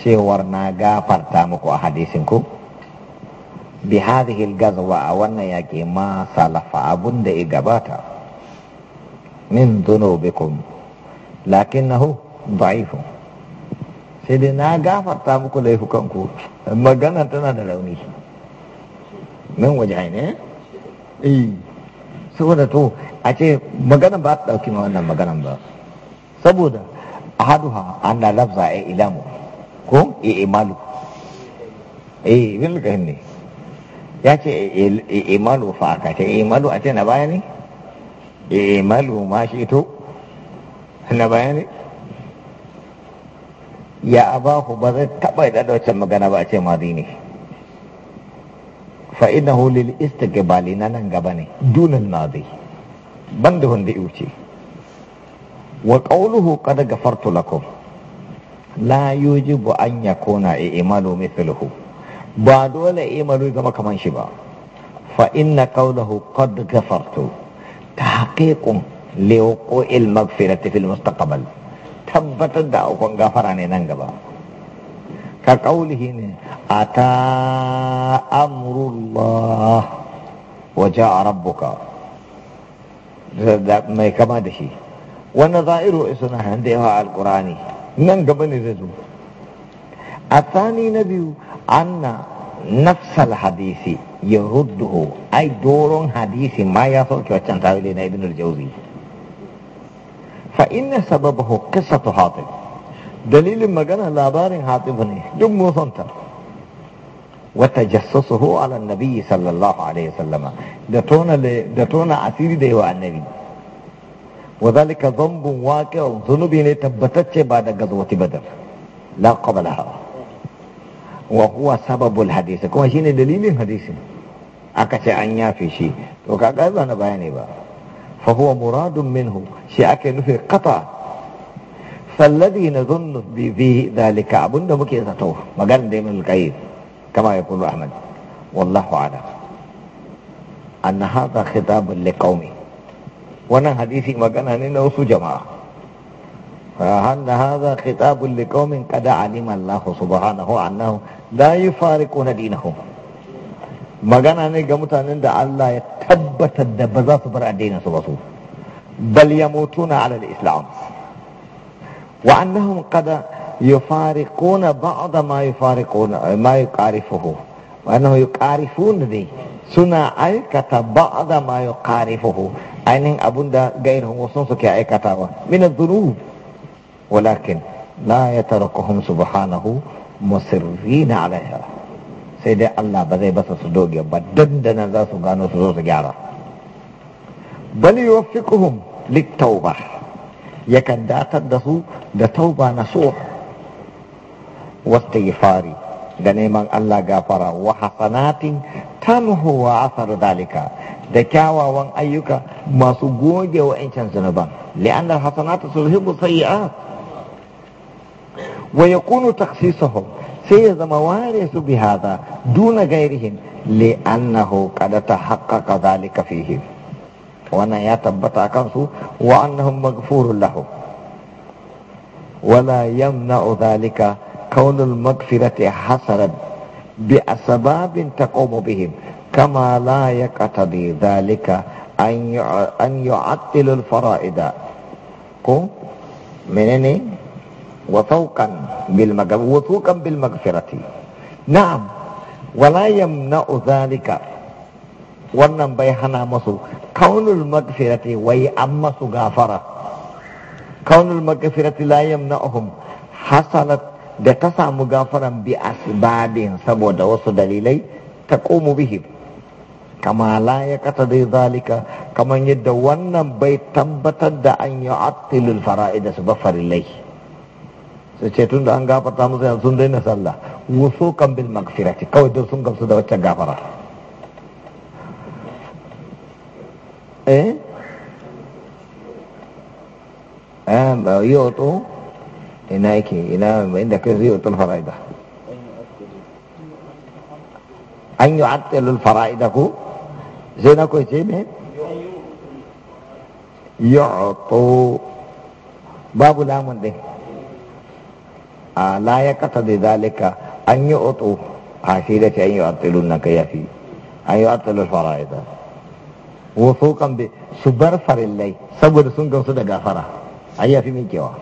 cewar na gafarta muku a hadisin ku bi hadhihi al-ghazwa a wannan yaki ma salafa abun da ya gabata min dunubikum lakinnahu da'if sai dai na gafarta muku ku. magana tana da rauni min waje ne eh saboda to a ce magana ba ta dauki ma wannan magana ba saboda ahaduha anna lafza ya ilamu ko ya imalu eh bin ne ya ce imalu eh, eh, eh, fa aka ce imalu a ce na baya ne imalu ma shi to na baya ne ya abahu ba zai taɓa da wancan magana ba a ce mazi ne fa innahu lil gabali na nan gaba ne dunan mazi banda wanda ya wuce wa qawluhu qad ghafartu lakum la yujibu an yakuna imalu mithluhu ba dole imaru eh zama kamar shi ba fa inna qawluhu qad ghafartu tahqiqun li wuqu'il maghfirati fil mustaqbal tabbatar da akwai gafara ne nan gaba ka qawlihi ne ata amrullah wa ja'a rabbuka da mai kama da shi wannan za'iru isna hande al alqurani nan gaba ne zai zo الثاني نبي أن نفس الحديث يرده أي دور حديث ما يصل كوشان تاويلين ابن الجوزي فإن سببه قصة حاطب دليل مجانا لابار حاطب جم وصنتر وتجسسه على النبي صلى الله عليه وسلم دتون ل... دتونا عن ديو النبي وذلك ذنب واقع ذنوب تبتت بعد قضوة بدر لا قبلها wa huwa hadisi kuma shine dalilin hadisi. aka ce an yafe shi to kaga ba na bayani ba fa huwa muradun minhu shi ake nufi qata falladhi nadhunnu bi bi dalika abunda muke zato magana da ibn al-qayyim kama yaqulu ahmad wallahu a'lam anna hadha khitabun liqaumi wannan hadisi magana ne na wasu jama'a أن هذا خطاب لقوم قد علم الله سبحانه أنه لا يفارقون دينهم magana ne ga mutanen da Allah ya tabbatar da ba za su bar addinin su ba su bal na ala al-islam wa annahum qad yufariquna ba'd ma yufariquna ma yuqarifuhu wa annahum yuqarifuna dai suna aikata ba'd ma abunda gairuhum wasu suke aikatawa ولكن لا يتركهم musirri na عليها sai dai Allah ba zai basa su doge ba dandanan za su gano su zo su gyara bal yuwaffiquhum littauba yakan datar da su da tauba na so wastaghfari da neman Allah gafara wa hasanatin tamhu wa asar dalika da kyawawan ayyuka masu goge wa'ancan zunuban li'anna hasanatu sulhibu sayyi'at ويكون تخصيصهم سيزم وارث بهذا دون غيرهم لأنه قد تحقق ذلك فيهم وانا يتبت أكنسو وأنهم مغفور له ولا يمنع ذلك كون المغفرة حصرا بأسباب تقوم بهم كما لا يقتضي ذلك أن يعطل الفرائض كو منني وفوقا بالمغفرة وفوقا بالمغفرة نعم ولا يمنع ذلك wannan bai hana masu kaunul magfirati wai an masu gafara kaunul magfirati la yamna'uhum hasalat da ta samu gafaran bi asbabin saboda wasu dalilai ta komu bihi kama la ya kata dai zalika kamar yadda wannan bai tabbatar da an yi attilul fara'ida su ba farillai su ce da an gafarta musu yanzu sun daina sallah wasu kan bil magfirati kawai don sun gamsu da waccan gafara eh eh ba yi wato ina yake ina ba inda kai zai wato fara'ida an yi attalul fara'ida ku zai na kwace ne yi wato babu lamun din a layakata ya da zalika an yi otu a shi da ce an yi atilun na kai fi an yi atilun da wasu kan bi su bar farillai saboda sun gansu da gafara an fi min kewa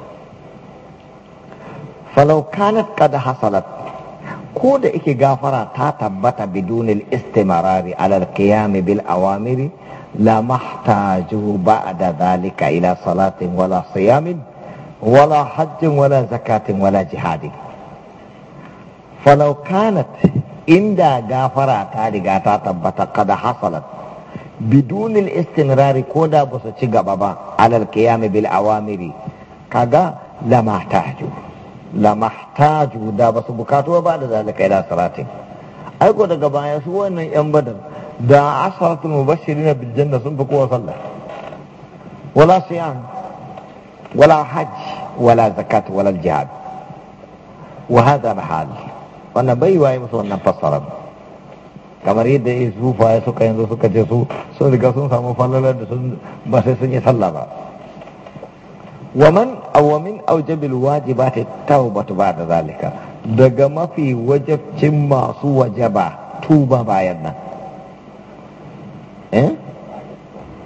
falau kanat kada hasalat ko da ike gafara ta tabbata bidunil istimarari alal kiyami bil awamiri la mahtaju da zalika ila salatin wala siyamin ولا حج ولا زكاة ولا جهاد فلو كانت عند غافرة تارغا تتبت قد حصلت بدون الاستمرار كودا بس بابا على القيام بالأوامر كذا لما احتاجوا لما احتاجوا دا بس بكاتوا بعد ذلك إلى صلاتهم أقول لك baya su أن ينبدل دا da المبشرين بالجنة bil janna ولا fi Wala hajj, ولا زكاة ولا الجهاد وهذا الحال wannan bai waye musu wannan fassarar kamar yadda ya zufa ya suka yanzu suka ce su sun riga sun samu fallalar da sun ba sai sun yi sallah ba waman awamin aujabil wajibati tawbatu ba'da zalika daga mafi wajabcin masu wajaba tuba bayan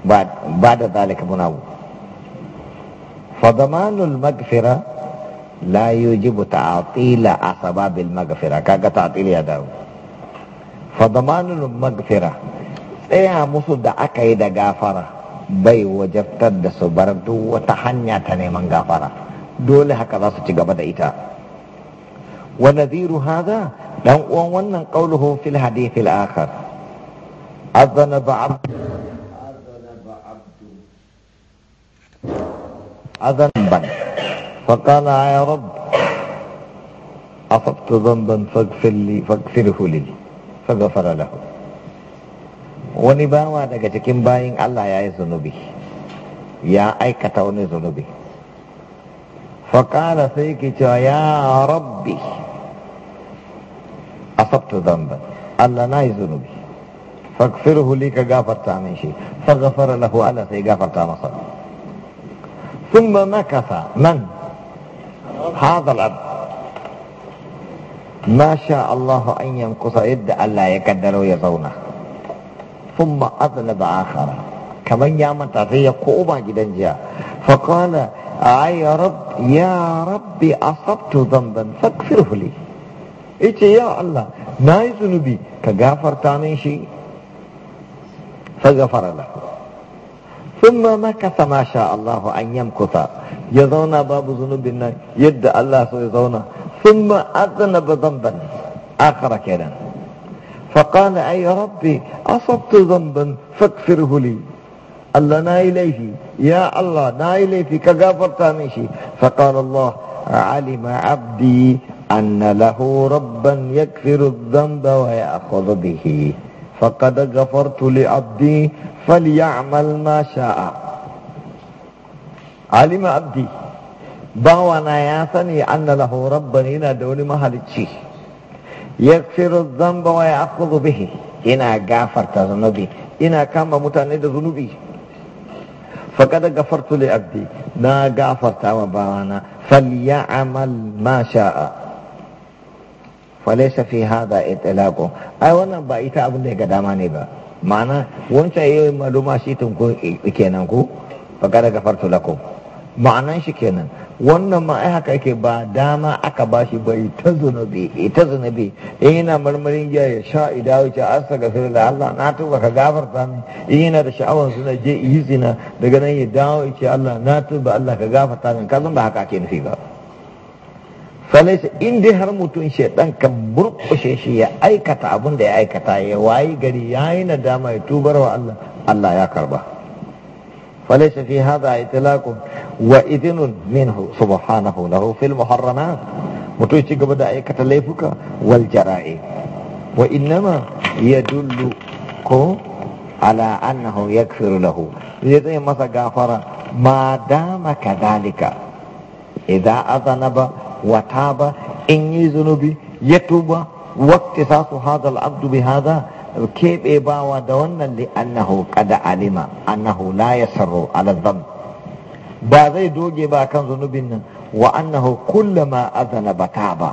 ba da zalika munawu فضمان المغفرة لا يجب تعطيل أسباب المغفرة كاكا تعطيل يا داو فضمان المغفرة tsaya musu da aka yi da gafara bai wajabtar da su bar duk wata hanya ta neman gafara dole haka za su ci gaba da ita wa nadhiru haza? dan uwan wannan qauluhu fil hadith al akhar azana ba'd ذنبا فقال يا رب أصبت ذنبا فاغفر لي فاغفره لي فغفر له wani bawa daga cikin bayin Allah ya yi zunubi ya aikata wani zunubi faƙala sai ke cewa ya rabbi asabtu zamban Allah na yi zunubi faƙfirhu li ka gafarta min shi fa gafara lahu Allah sai gafarta masa ثم مكث من هذا الأرض ما شاء الله أن يمكث يد لا يقدر يزونه ثم أذنب آخر كمن يامن تعطيه قوبا جدا جاء فقال أي رب يا ربي أصبت ذنبا فاغفره لي إيتي يا الله ما يزنبي كغافر تاني شيء فغفر له ثم مكث ما شاء الله أن يمكث يزونا باب ذنوب النار يد الله سيزونا ثم أذنب ذنبا آخر كذا فقال أي ربي أصبت ذنبا فاغفره لي الله نا إليه يا الله نا إليه كغافرت منشي فقال الله علم عبدي أن له ربا يكفر الذنب ويأخذ به فقد غفرت لعبدي فليعمل ما شاء علم عبدي باوانا يا ان له ربا هنا دولي يغفر الذنب ويأخذ به هنا غفرت ذنوبي هنا كما متند ذنوبي فقد غفرت لعبدي نا غفرت وباوانا فليعمل ما شاء falaisa fi hada itlaqo ai wannan ba ita abin da ya ga dama ne ba ma'ana wancan yayi maluma shi ku kenan ku fa kada gafartu lakum ma'anan shi kenan wannan ma ai haka yake ba dama aka bashi ba ita zunubi ita zunubi in yana marmarin ya ya sha ida wuce asa ga da Allah na tuba ka gafarta min in yana da sha'awar suna je yi zina daga nan ya dawo ya ce Allah na tuba Allah ka gafarta min kazan ba haka ake nufi ba falaisa in dai har mutum shaidan kan burkushe shi ya aikata abin da ya aikata ya wayi gari ya yi nadama ya tubar wa Allah Allah ya karba falaisa fi hada itlaqun wa idinun minhu subhanahu lahu fil muharramat mutum ci gaba da aikata laifuka wal jara'i wa innama yadullu ko ala annahu yakfiru lahu zai zai masa gafara ma dama kadhalika idza azanaba wa taba in yi zunubi ya tuba wakti sa su hada al'abdu bi hada keɓe bawa da wannan li annahu kada alima annahu la yasarru ba zai doge ba kan zunubin nan wa annahu kullama azana bata ba.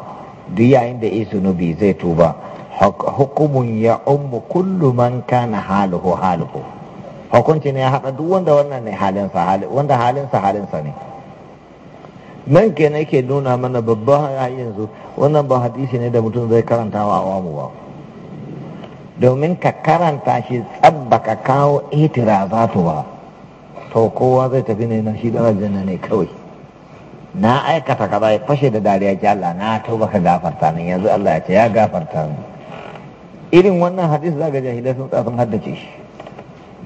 yayin da yi zunubi zai tuba hukumun ya ummu kullu man kana haluhu haluhu hukunci ne ya haɗa duk wanda halinsa halinsa ne nan ke nake nuna mana babban a yanzu wannan ba hadisi ne da mutum zai karanta wa awamu ba domin ka karanta shi tsabba ka kawo itira za itirafatu ba to kowa zai tafi ne na shi darajar ne kawai na aikata kaza ya fashe da dariya ki Allah na to baka gafarta nan yanzu Allah ya ce ya gafarta nan irin wannan hadisi zaga jahilai sun tsafin haddace shi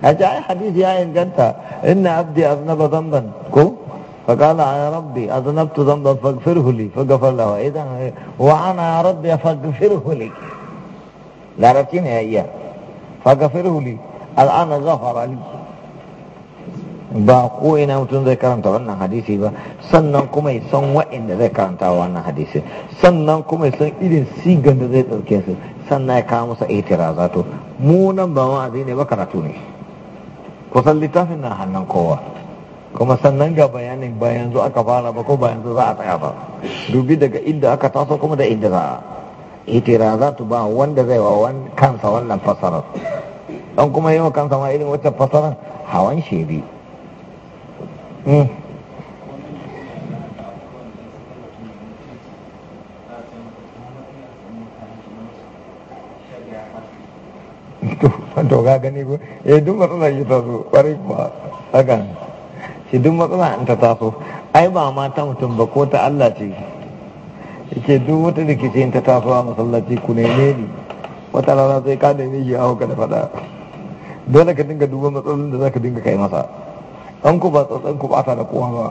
a ji hadisi ya inganta inna abdi aznaba zamban ko فقال يا ربي أذنبت ذنبا فاغفره لي فغفر له إذا وأنا يا ربي فاغفره لي لا رتين يا إياه فاغفره لي الآن غفر لي ba ko ina mutum zai karanta wannan hadisi ba sannan kuma ya san wa'inda zai karanta wannan hadisi sannan kuma ya san irin sigan da zai ɗauke su sannan ya kawo masa itiraza to mu nan ba wa'azi ne ba karatu ne kusan littafin na hannun kowa kuma sannan ga bayanin ba yanzu aka fara ba ko ba yanzu za a tsaya ba dubi daga inda aka taso kuma da inda za a itira za tu ba wanda zai wa kansa wannan fasarar don kuma yi wa kansa ma irin wata fasarar hawan shebi hmm. to ga gani ko eh duk matsalar yi ta zo ƙwarai a gani shi duk matsala in ta taso ai ba mata mutum ba ko ta Allah ce yake duk wata rikici in ta taso a masallaci ku neme ni wata rana sai ka neme shi a ka da faɗa dole ka dinga duba matsalolin da za ka dinga kai masa an ku ba tsatsan ku bata da kowa ba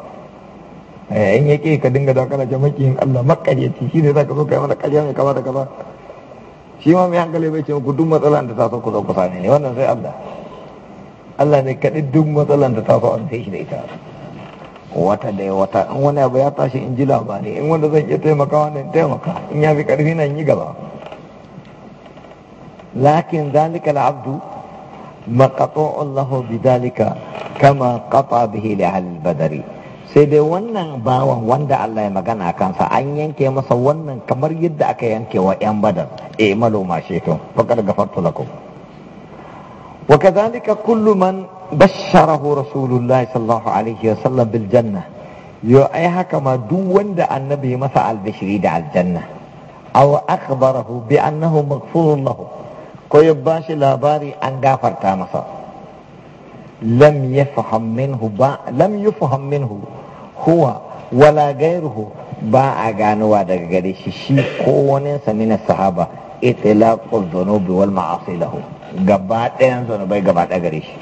eh, in yake ka dinga da kana jama'a yin Allah makaryaci shi ne za ka zo kai mana karya mai kama da kama shi ma mai hankali bai ce ku duk matsalan da ta taso ku zo ku sani ne wannan sai Allah Allah ne kaɗi duk matsalan da ta zo an sai shi da ita wata da wata in wani abu ya tashi in ji labari in wanda zan iya taimakawa ne taimaka in ya fi ƙarfi na yi gaba lakin zalika al'abdu Allah bi bidalika kama kafa bihi li ahli badari sai dai wannan bawan wanda Allah ya magana kansa an yanke masa wannan kamar yadda aka yanke wa 'yan badar e eh, maloma shekun fakar gafartu lakum وكذلك كل من بشره رسول الله صلى الله عليه وسلم بالجنة يؤيها كما دون دا النبي مساء البشري دا الجنة أو أخبره بأنه مغفور له كيباش لاباري أن غافر تامسا لم يفهم منه با لم يفهم منه هو ولا غيره با أغانوا دا غريش شي كونين من الصحابة itlaqu dhunubi wal ma'asi lahu gaba ɗayan zunubai gaba ɗaya gare shi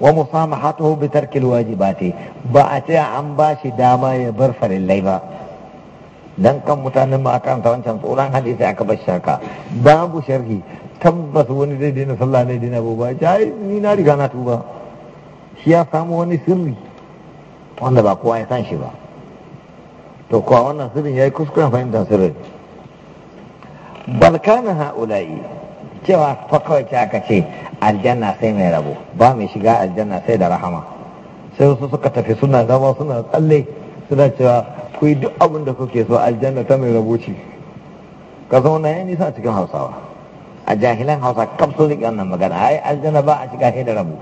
wa musamahatuhu bi tarkil wajibati ba a ce an ba shi dama ya bar farillai ba dan kan mutanen ma akan ta wancan tsoron hadisi aka bar shaka babu sharhi tabbas wani zai daina sallah ne daina ba ai ni na riga na tuba shi ya samu wani sirri wanda ba kowa ya san shi ba to kuwa wannan sirrin yayi kuskuren fahimtar sirrin bal kana haula'i cewa fa kawai ce aka ce aljanna sai mai rabo ba mai shiga aljanna sai da rahama sai wasu suka tafi suna zama suna tsalle suna cewa ku yi duk abin da kuke so aljanna ta mai rabo ce ka zo na ya nisa cikin hausawa a jahilan hausa kaf sun riƙe wannan magana ai aljanna ba a shiga sai da rabo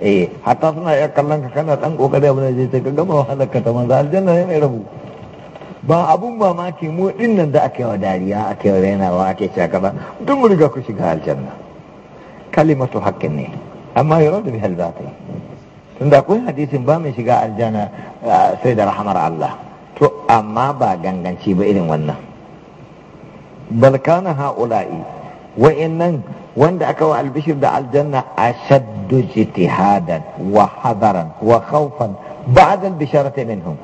eh hatta suna iya kallon ka kana dan kokari abin da zai ce ka gama wahalar ka ta manzo aljanna ne mai rabo ba abun mamaki mu dinnan da aka yi wa dariya aka yi wa ake cewa gaba duk mu riga ku shiga aljanna kalimatu haqqin ne amma yuradu da bihal batil tunda akwai hadisin ba mai shiga aljanna sai da rahamar Allah to amma ba ganganci ba irin wannan bal kana haula'i innan wanda aka wa albishir da aljanna ashaddu jitihadan wa hadaran wa khawfan ba'da bisharati minhum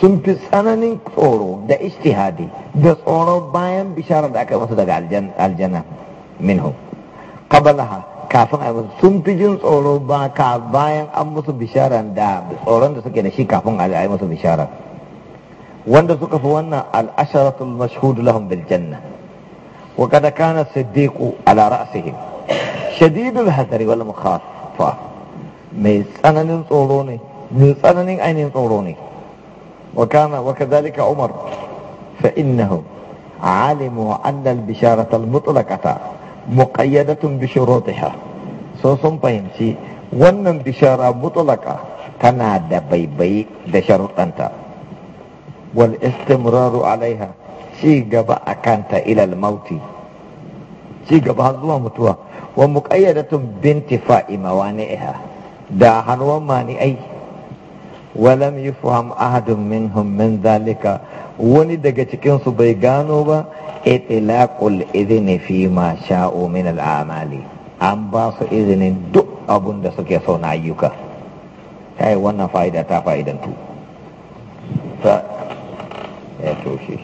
sun fi tsananin tsoro da ishtihadi da tsoro bayan bisharar da aka masu daga aljanna minhu qabalaha kafin a musu sun fi jin tsoro ba ka bayan an musu bisharar da tsoron da suke da shi kafin a yi musu bisharar wanda suka fi wannan al'asharatul mashhud lahum bil janna wa kad kana siddiqu ala ra'sihim shadidul hadari wal mukhafa mai tsananin tsoro ne mai tsananin ainihin tsoro ne وكان وكذلك عمر فإنه علموا أن البشارة المطلقة مقيدة بشروطها سوسن فهمتي wannan bishara mutlaka tana da baibai da sharuɗanta wal istimraru alaiha ci gaba a kanta ilal mauti ci gaba har zuwa mutuwa wa muqayyadatun bintifa'i mawani'iha da walam yufham ahadun min min zalika wani daga cikinsu bai gano ba itlaqul izini fi ma sha'u min al'amali an ba su izinin duk abun da suke so na ayyuka yi wannan fa'ida ta fa'idantu fa ya toshe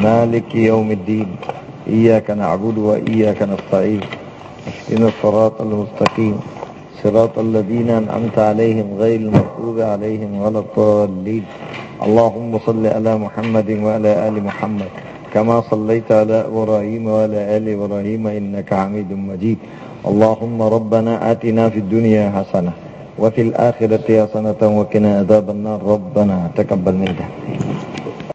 maliki yawmiddin iyyaka na'budu wa iyyaka nasta'in اهدنا الصراط المستقيم صراط الذين أنعمت عليهم غير المغضوب عليهم ولا الضالين اللهم صل على محمد وعلى آل محمد كما صليت على إبراهيم وعلى آل إبراهيم إنك حميد مجيد اللهم ربنا آتنا في الدنيا حسنة وفي الآخرة حسنة وقنا عذاب النار ربنا تقبل منا